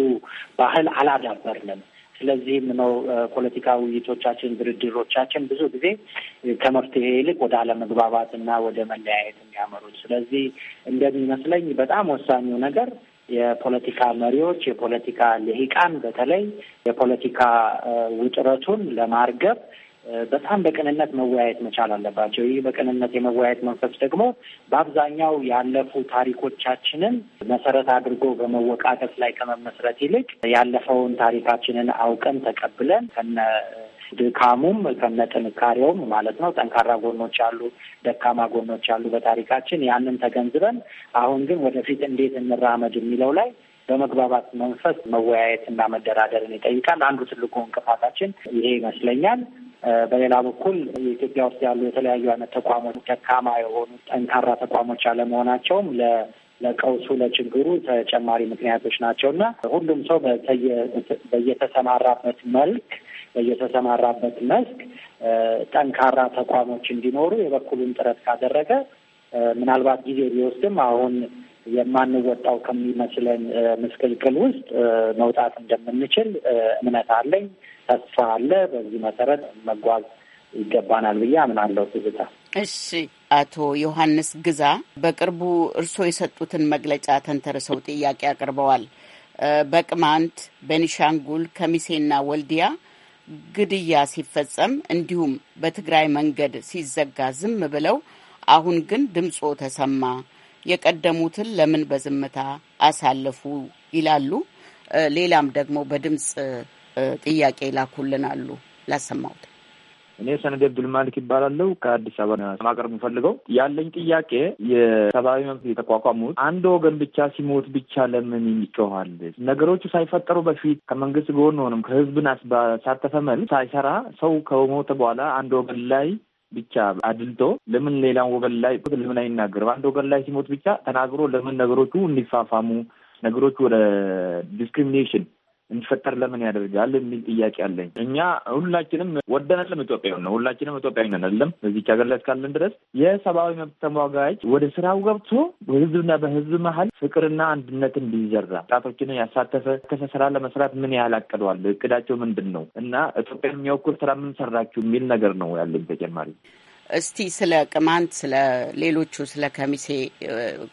ባህል አላዳበርንም። ስለዚህም ነው ፖለቲካ ውይይቶቻችን፣ ድርድሮቻችን ብዙ ጊዜ ከመፍትሄ ይልቅ ወደ አለመግባባትና ወደ መለያየት የሚያመሩት። ስለዚህ እንደሚመስለኝ በጣም ወሳኙ ነገር የፖለቲካ መሪዎች፣ የፖለቲካ ልሂቃን በተለይ የፖለቲካ ውጥረቱን ለማርገብ በጣም በቅንነት መወያየት መቻል አለባቸው። ይህ በቅንነት የመወያየት መንፈስ ደግሞ በአብዛኛው ያለፉ ታሪኮቻችንን መሰረት አድርጎ በመወቃቀስ ላይ ከመመስረት ይልቅ ያለፈውን ታሪካችንን አውቀን ተቀብለን ከነ ድካሙም ጥንካሬውም ማለት ነው። ጠንካራ ጎኖች አሉ፣ ደካማ ጎኖች አሉ በታሪካችን። ያንን ተገንዝበን አሁን ግን ወደፊት እንዴት እንራመድ የሚለው ላይ በመግባባት መንፈስ መወያየትና መደራደርን ይጠይቃል። አንዱ ትልቁ እንቅፋታችን ይሄ ይመስለኛል። በሌላ በኩል የኢትዮጵያ ውስጥ ያሉ የተለያዩ አይነት ተቋሞች ደካማ የሆኑ ጠንካራ ተቋሞች አለመሆናቸውም ለቀውሱ ለችግሩ ተጨማሪ ምክንያቶች ናቸው እና ሁሉም ሰው በየተሰማራበት መልክ በየተሰማራበት መስክ ጠንካራ ተቋሞች እንዲኖሩ የበኩሉን ጥረት ካደረገ ምናልባት ጊዜ ቢወስድም አሁን የማንወጣው ከሚመስለን ምስቅልቅል ውስጥ መውጣት እንደምንችል እምነት አለኝ፣ ተስፋ አለ። በዚህ መሰረት መጓዝ ይገባናል ብዬ አምናለሁ። ትዝታ እሺ አቶ ዮሐንስ ግዛ በቅርቡ እርስዎ የሰጡትን መግለጫ ተንተርሰው ጥያቄ አቅርበዋል። በቅማንት፣ በኒሻንጉል ከሚሴና ወልዲያ ግድያ ሲፈጸም እንዲሁም በትግራይ መንገድ ሲዘጋ ዝም ብለው፣ አሁን ግን ድምፆ ተሰማ፣ የቀደሙትን ለምን በዝምታ አሳለፉ ይላሉ። ሌላም ደግሞ በድምፅ ጥያቄ ላኩልን አሉ። ላሰማሁት እኔ ሰነድ አብዱልማሊክ ይባላለሁ። ከአዲስ አበባ ማቅረብ የምፈልገው ያለኝ ጥያቄ የሰብአዊ መብት የተቋቋሙት አንድ ወገን ብቻ ሲሞት ብቻ ለምን ይጮኋል? ነገሮቹ ሳይፈጠሩ በፊት ከመንግስት ጎን ሆንም ከህዝብን ባሳተፈ መልክ ሳይሰራ ሰው ከሞተ በኋላ አንድ ወገን ላይ ብቻ አድልቶ ለምን ሌላን ወገን ላይ ለምን አይናገርም? አንድ ወገን ላይ ሲሞት ብቻ ተናግሮ ለምን ነገሮቹ እንዲፋፋሙ ነገሮቹ ወደ ዲስክሪሚኔሽን እንዲፈጠር ለምን ያደርጋል የሚል ጥያቄ አለኝ። እኛ ሁላችንም ወደነልም ኢትዮጵያዊ ነው። ሁላችንም ኢትዮጵያ ነን። አይደለም በዚች ሀገር ላይ እስካለን ድረስ የሰብአዊ መብት ተሟጋጅ ወደ ስራው ገብቶ በህዝብና በህዝብ መሀል ፍቅርና አንድነት እንዲዘራ ወጣቶችን ያሳተፈ ስራ ለመስራት ምን ያህል አቅደዋል? እቅዳቸው ምንድን ነው? እና ኢትዮጵያ የሚወክል ስራ ምን ሰራችሁ የሚል ነገር ነው ያለኝ ተጨማሪ እስቲ ስለ ቅማንት ስለ ሌሎቹ ስለ ከሚሴ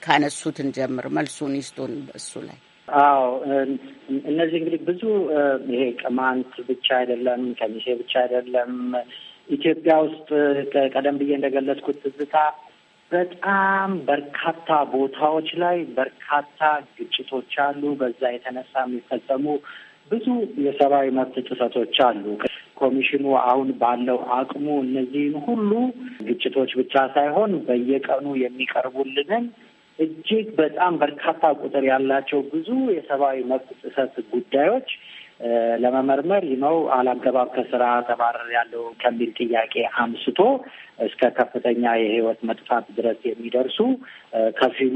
ካነሱትን ጀምር መልሱን ይስጡን እሱ ላይ አዎ እነዚህ እንግዲህ ብዙ ይሄ ቅማንት ብቻ አይደለም፣ ከሚሴ ብቻ አይደለም። ኢትዮጵያ ውስጥ ቀደም ብዬ እንደገለጽኩት ትዝታ በጣም በርካታ ቦታዎች ላይ በርካታ ግጭቶች አሉ። በዛ የተነሳ የሚፈጸሙ ብዙ የሰብአዊ መብት ጥሰቶች አሉ። ኮሚሽኑ አሁን ባለው አቅሙ እነዚህን ሁሉ ግጭቶች ብቻ ሳይሆን በየቀኑ የሚቀርቡልንን እጅግ በጣም በርካታ ቁጥር ያላቸው ብዙ የሰብአዊ መብት ጥሰት ጉዳዮች ለመመርመር ይነው አላገባብ ከስራ ተባረር ያለው ከሚል ጥያቄ አንስቶ እስከ ከፍተኛ የህይወት መጥፋት ድረስ የሚደርሱ ከፊሉ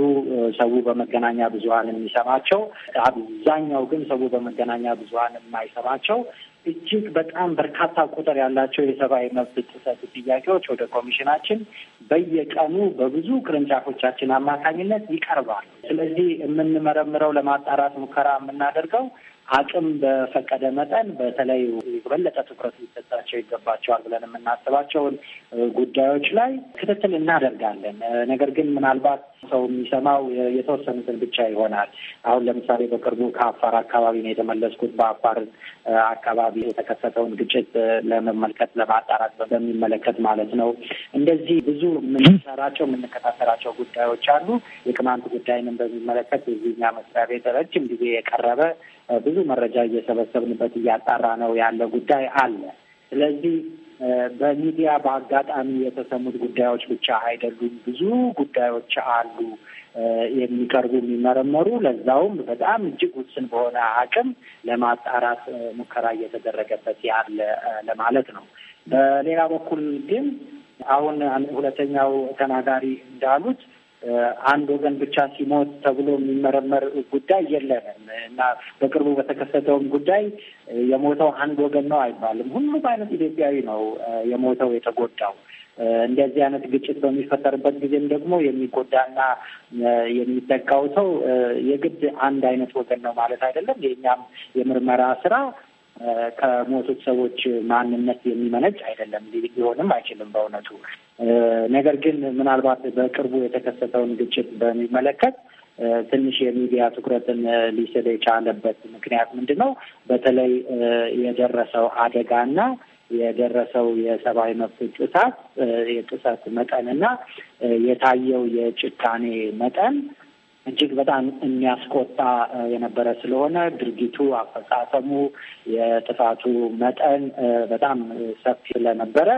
ሰው በመገናኛ ብዙሀን የሚሰማቸው አብዛኛው ግን ሰው በመገናኛ ብዙሀን የማይሰማቸው እጅግ በጣም በርካታ ቁጥር ያላቸው የሰብአዊ መብት ጥሰት ጥያቄዎች ወደ ኮሚሽናችን በየቀኑ በብዙ ቅርንጫፎቻችን አማካኝነት ይቀርባል። ስለዚህ የምንመረምረው ለማጣራት ሙከራ የምናደርገው አቅም በፈቀደ መጠን በተለይ የበለጠ ትኩረት ሊሰጣቸው ይገባቸዋል ብለን የምናስባቸውን ጉዳዮች ላይ ክትትል እናደርጋለን። ነገር ግን ምናልባት ሰው የሚሰማው የተወሰኑትን ብቻ ይሆናል። አሁን ለምሳሌ በቅርቡ ከአፋር አካባቢ ነው የተመለስኩት። በአፋር አካባቢ የተከሰተውን ግጭት ለመመልከት ለማጣራት በሚመለከት ማለት ነው። እንደዚህ ብዙ የምንሰራቸው የምንከታተላቸው ጉዳዮች አሉ። የቅማንት ጉዳይንም በሚመለከት የዚህኛ መስሪያ ቤት ረጅም ጊዜ የቀረበ ብዙ መረጃ እየሰበሰብንበት እያጣራ ነው ያለ ጉዳይ አለ። ስለዚህ በሚዲያ በአጋጣሚ የተሰሙት ጉዳዮች ብቻ አይደሉም። ብዙ ጉዳዮች አሉ የሚቀርቡ የሚመረመሩ፣ ለዛውም በጣም እጅግ ውስን በሆነ አቅም ለማጣራት ሙከራ እየተደረገበት ያለ ለማለት ነው። በሌላ በኩል ግን አሁን ሁለተኛው ተናጋሪ እንዳሉት አንድ ወገን ብቻ ሲሞት ተብሎ የሚመረመር ጉዳይ የለንም እና በቅርቡ በተከሰተውም ጉዳይ የሞተው አንድ ወገን ነው አይባልም። ሁሉም አይነት ኢትዮጵያዊ ነው የሞተው የተጎዳው። እንደዚህ አይነት ግጭት በሚፈጠርበት ጊዜም ደግሞ የሚጎዳና የሚጠቃው ሰው የግድ አንድ አይነት ወገን ነው ማለት አይደለም። የእኛም የምርመራ ስራ ከሞቱት ሰዎች ማንነት የሚመነጭ አይደለም፣ ሊሆንም አይችልም በእውነቱ። ነገር ግን ምናልባት በቅርቡ የተከሰተውን ግጭት በሚመለከት ትንሽ የሚዲያ ትኩረትን ሊስብ የቻለበት ምክንያት ምንድን ነው? በተለይ የደረሰው አደጋና የደረሰው የሰብአዊ መብት ጥሳት የጥሰት መጠንና የታየው የጭካኔ መጠን እጅግ በጣም የሚያስቆጣ የነበረ ስለሆነ ድርጊቱ፣ አፈጻጸሙ፣ የጥፋቱ መጠን በጣም ሰፊ ስለነበረ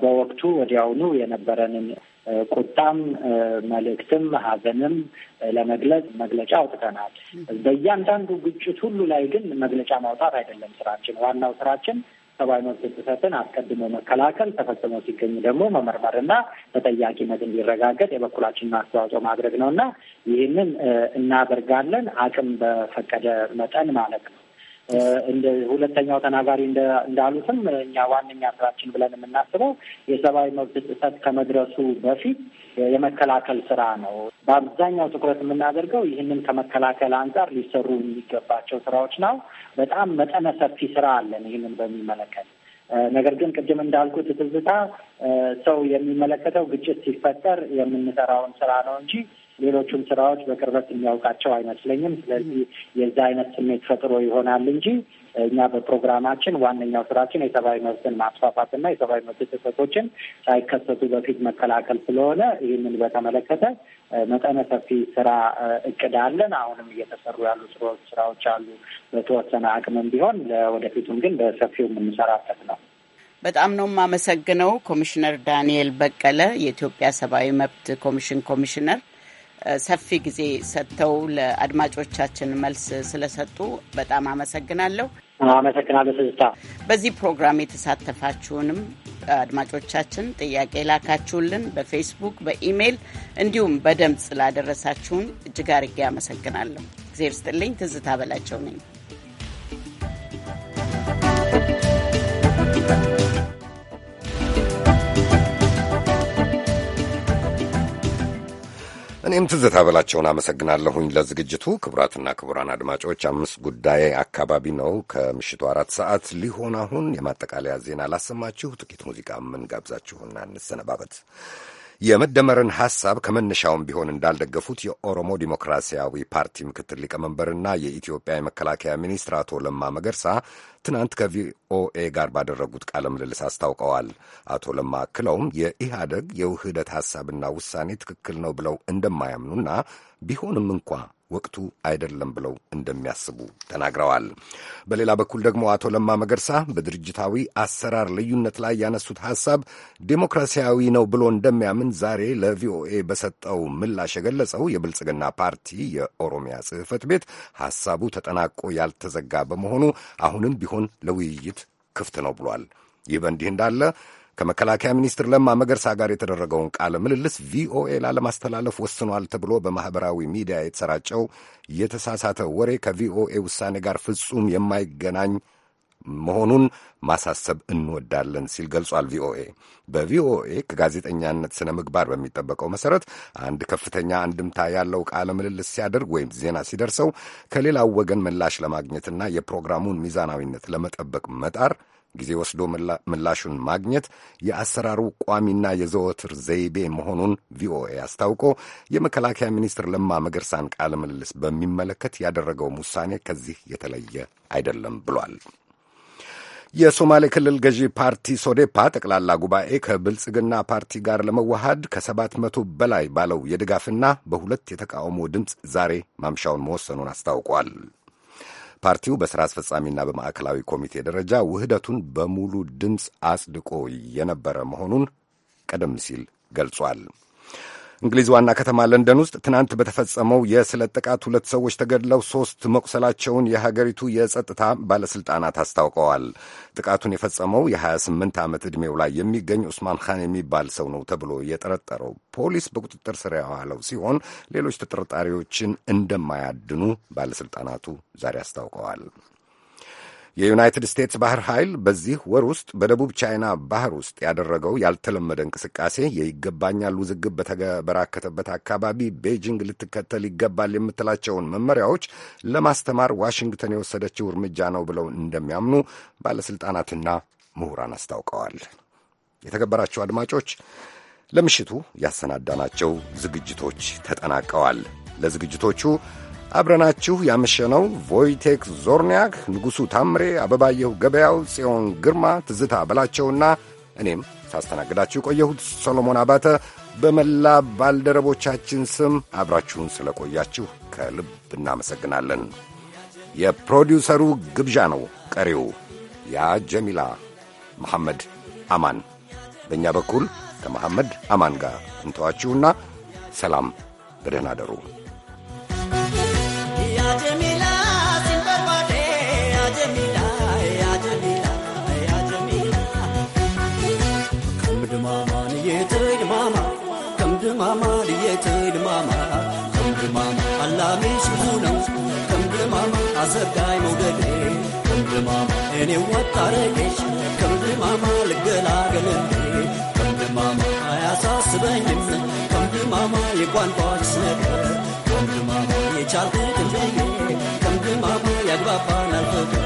በወቅቱ ወዲያውኑ የነበረንን ቁጣም መልእክትም ሀዘንም ለመግለጽ መግለጫ አውጥተናል። በእያንዳንዱ ግጭት ሁሉ ላይ ግን መግለጫ ማውጣት አይደለም ስራችን። ዋናው ስራችን ሰብአዊ መብት ጥሰትን አስቀድሞ መከላከል፣ ተፈጽሞ ሲገኙ ደግሞ መመርመርና ተጠያቂነት እንዲረጋገጥ የበኩላችንን አስተዋጽኦ ማድረግ ነው እና ይህንን እናደርጋለን አቅም በፈቀደ መጠን ማለት ነው። እንደ ሁለተኛው ተናጋሪ እንዳሉትም እኛ ዋነኛ ስራችን ብለን የምናስበው የሰብአዊ መብት ጥሰት ከመድረሱ በፊት የመከላከል ስራ ነው። በአብዛኛው ትኩረት የምናደርገው ይህንን ከመከላከል አንጻር ሊሰሩ የሚገባቸው ስራዎች ነው። በጣም መጠነ ሰፊ ስራ አለን ይህንን በሚመለከት ነገር ግን ቅድም እንዳልኩት ትዝታ ሰው የሚመለከተው ግጭት ሲፈጠር የምንሰራውን ስራ ነው እንጂ ሌሎቹም ስራዎች በቅርበት የሚያውቃቸው አይመስለኝም። ስለዚህ የዛ አይነት ስሜት ፈጥሮ ይሆናል እንጂ እኛ በፕሮግራማችን ዋነኛው ስራችን የሰብአዊ መብትን ማስፋፋትና የሰብአዊ መብት ጥሰቶችን ሳይከሰቱ በፊት መከላከል ስለሆነ ይህንን በተመለከተ መጠነ ሰፊ ስራ እቅድ አለን። አሁንም እየተሰሩ ያሉ ስራዎች አሉ በተወሰነ አቅምም ቢሆን፣ ለወደፊቱም ግን በሰፊው የምንሰራበት ነው። በጣም ነው የማመሰግነው ኮሚሽነር ዳንኤል በቀለ የኢትዮጵያ ሰብአዊ መብት ኮሚሽን ኮሚሽነር ሰፊ ጊዜ ሰጥተው ለአድማጮቻችን መልስ ስለሰጡ በጣም አመሰግናለሁ። አመሰግናለሁ ትዝታ። በዚህ ፕሮግራም የተሳተፋችሁንም አድማጮቻችን ጥያቄ ላካችሁልን በፌስቡክ በኢሜይል እንዲሁም በድምፅ ላደረሳችሁን እጅግ አርጌ አመሰግናለሁ። እግዜር ስጥልኝ። ትዝታ በላቸው ነኝ። እኔም ትዝታ በላቸውን አመሰግናለሁኝ ለዝግጅቱ። ክቡራትና ክቡራን አድማጮች አምስት ጉዳይ አካባቢ ነው ከምሽቱ አራት ሰዓት ሊሆን አሁን የማጠቃለያ ዜና ላሰማችሁ። ጥቂት ሙዚቃ ምን ጋብዛችሁና እንሰነባበት። የመደመርን ሐሳብ ከመነሻውም ቢሆን እንዳልደገፉት የኦሮሞ ዲሞክራሲያዊ ፓርቲ ምክትል ሊቀመንበርና የኢትዮጵያ የመከላከያ ሚኒስትር አቶ ለማ መገርሳ ትናንት ከቪኦኤ ጋር ባደረጉት ቃለ ምልልስ አስታውቀዋል። አቶ ለማ አክለውም የኢህአደግ የውህደት ሐሳብና ውሳኔ ትክክል ነው ብለው እንደማያምኑና ቢሆንም እንኳ ወቅቱ አይደለም ብለው እንደሚያስቡ ተናግረዋል። በሌላ በኩል ደግሞ አቶ ለማ መገርሳ በድርጅታዊ አሰራር ልዩነት ላይ ያነሱት ሐሳብ ዴሞክራሲያዊ ነው ብሎ እንደሚያምን ዛሬ ለቪኦኤ በሰጠው ምላሽ የገለጸው የብልጽግና ፓርቲ የኦሮሚያ ጽሕፈት ቤት ሐሳቡ ተጠናቆ ያልተዘጋ በመሆኑ አሁንም ቢሆን ለውይይት ክፍት ነው ብሏል። ይህ በእንዲህ እንዳለ ከመከላከያ ሚኒስትር ለማ መገርሳ ጋር የተደረገውን ቃለ ምልልስ ቪኦኤ ላለማስተላለፍ ወስኗል ተብሎ በማኅበራዊ ሚዲያ የተሰራጨው የተሳሳተ ወሬ ከቪኦኤ ውሳኔ ጋር ፍጹም የማይገናኝ መሆኑን ማሳሰብ እንወዳለን ሲል ገልጿል። ቪኦኤ በቪኦኤ ከጋዜጠኛነት ስነ ምግባር በሚጠበቀው መሰረት አንድ ከፍተኛ አንድምታ ያለው ቃለ ምልልስ ሲያደርግ ወይም ዜና ሲደርሰው ከሌላው ወገን ምላሽ ለማግኘትና የፕሮግራሙን ሚዛናዊነት ለመጠበቅ መጣር ጊዜ ወስዶ ምላሹን ማግኘት የአሰራሩ ቋሚና የዘወትር ዘይቤ መሆኑን ቪኦኤ አስታውቆ የመከላከያ ሚኒስትር ለማ መገርሳን ቃለ ምልልስ በሚመለከት ያደረገውም ውሳኔ ከዚህ የተለየ አይደለም ብሏል። የሶማሌ ክልል ገዢ ፓርቲ ሶዴፓ ጠቅላላ ጉባኤ ከብልጽግና ፓርቲ ጋር ለመዋሃድ ከሰባት መቶ በላይ ባለው የድጋፍና በሁለት የተቃውሞ ድምፅ ዛሬ ማምሻውን መወሰኑን አስታውቋል። ፓርቲው በሥራ አስፈጻሚና በማዕከላዊ ኮሚቴ ደረጃ ውህደቱን በሙሉ ድምፅ አጽድቆ የነበረ መሆኑን ቀደም ሲል ገልጿል። እንግሊዝ ዋና ከተማ ለንደን ውስጥ ትናንት በተፈጸመው የስለት ጥቃት ሁለት ሰዎች ተገድለው ሦስት መቁሰላቸውን የሀገሪቱ የጸጥታ ባለሥልጣናት አስታውቀዋል። ጥቃቱን የፈጸመው የ28 ዓመት ዕድሜው ላይ የሚገኝ ኡስማን ካን የሚባል ሰው ነው ተብሎ የጠረጠረው ፖሊስ በቁጥጥር ስር ያዋለው ሲሆን ሌሎች ተጠርጣሪዎችን እንደማያድኑ ባለሥልጣናቱ ዛሬ አስታውቀዋል። የዩናይትድ ስቴትስ ባህር ኃይል በዚህ ወር ውስጥ በደቡብ ቻይና ባህር ውስጥ ያደረገው ያልተለመደ እንቅስቃሴ የይገባኛል ውዝግብ በተበራከተበት አካባቢ ቤጂንግ ልትከተል ይገባል የምትላቸውን መመሪያዎች ለማስተማር ዋሽንግተን የወሰደችው እርምጃ ነው ብለው እንደሚያምኑ ባለሥልጣናትና ምሁራን አስታውቀዋል። የተገበራቸው አድማጮች ለምሽቱ ያሰናዳናቸው ዝግጅቶች ተጠናቀዋል። ለዝግጅቶቹ አብረናችሁ ያመሸነው ቮይቴክ ዞርኒያክ፣ ንጉሡ ታምሬ፣ አበባየሁ ገበያው፣ ጽዮን ግርማ፣ ትዝታ በላቸውና እኔም ሳስተናግዳችሁ የቆየሁት ሰሎሞን አባተ በመላ ባልደረቦቻችን ስም አብራችሁን ስለ ቆያችሁ ከልብ እናመሰግናለን። የፕሮዲውሰሩ ግብዣ ነው ቀሪው። ያ ጀሚላ መሐመድ አማን በእኛ በኩል ከመሐመድ አማን ጋር እንተዋችሁና ሰላም፣ በደህና አደሩ። Kamdırmama diyete mama Kamdırmama Allah meşhunam Kamdırmama azergay modele Kamdırmama ene wattaregeş Kamdırmama lgelagelende Kamdırmama ayasasıbenim Kamdırmama yeguanbaç sınırı Kamdırmama yeçarkı kıncaye Kamdırmama yagbapanalıkı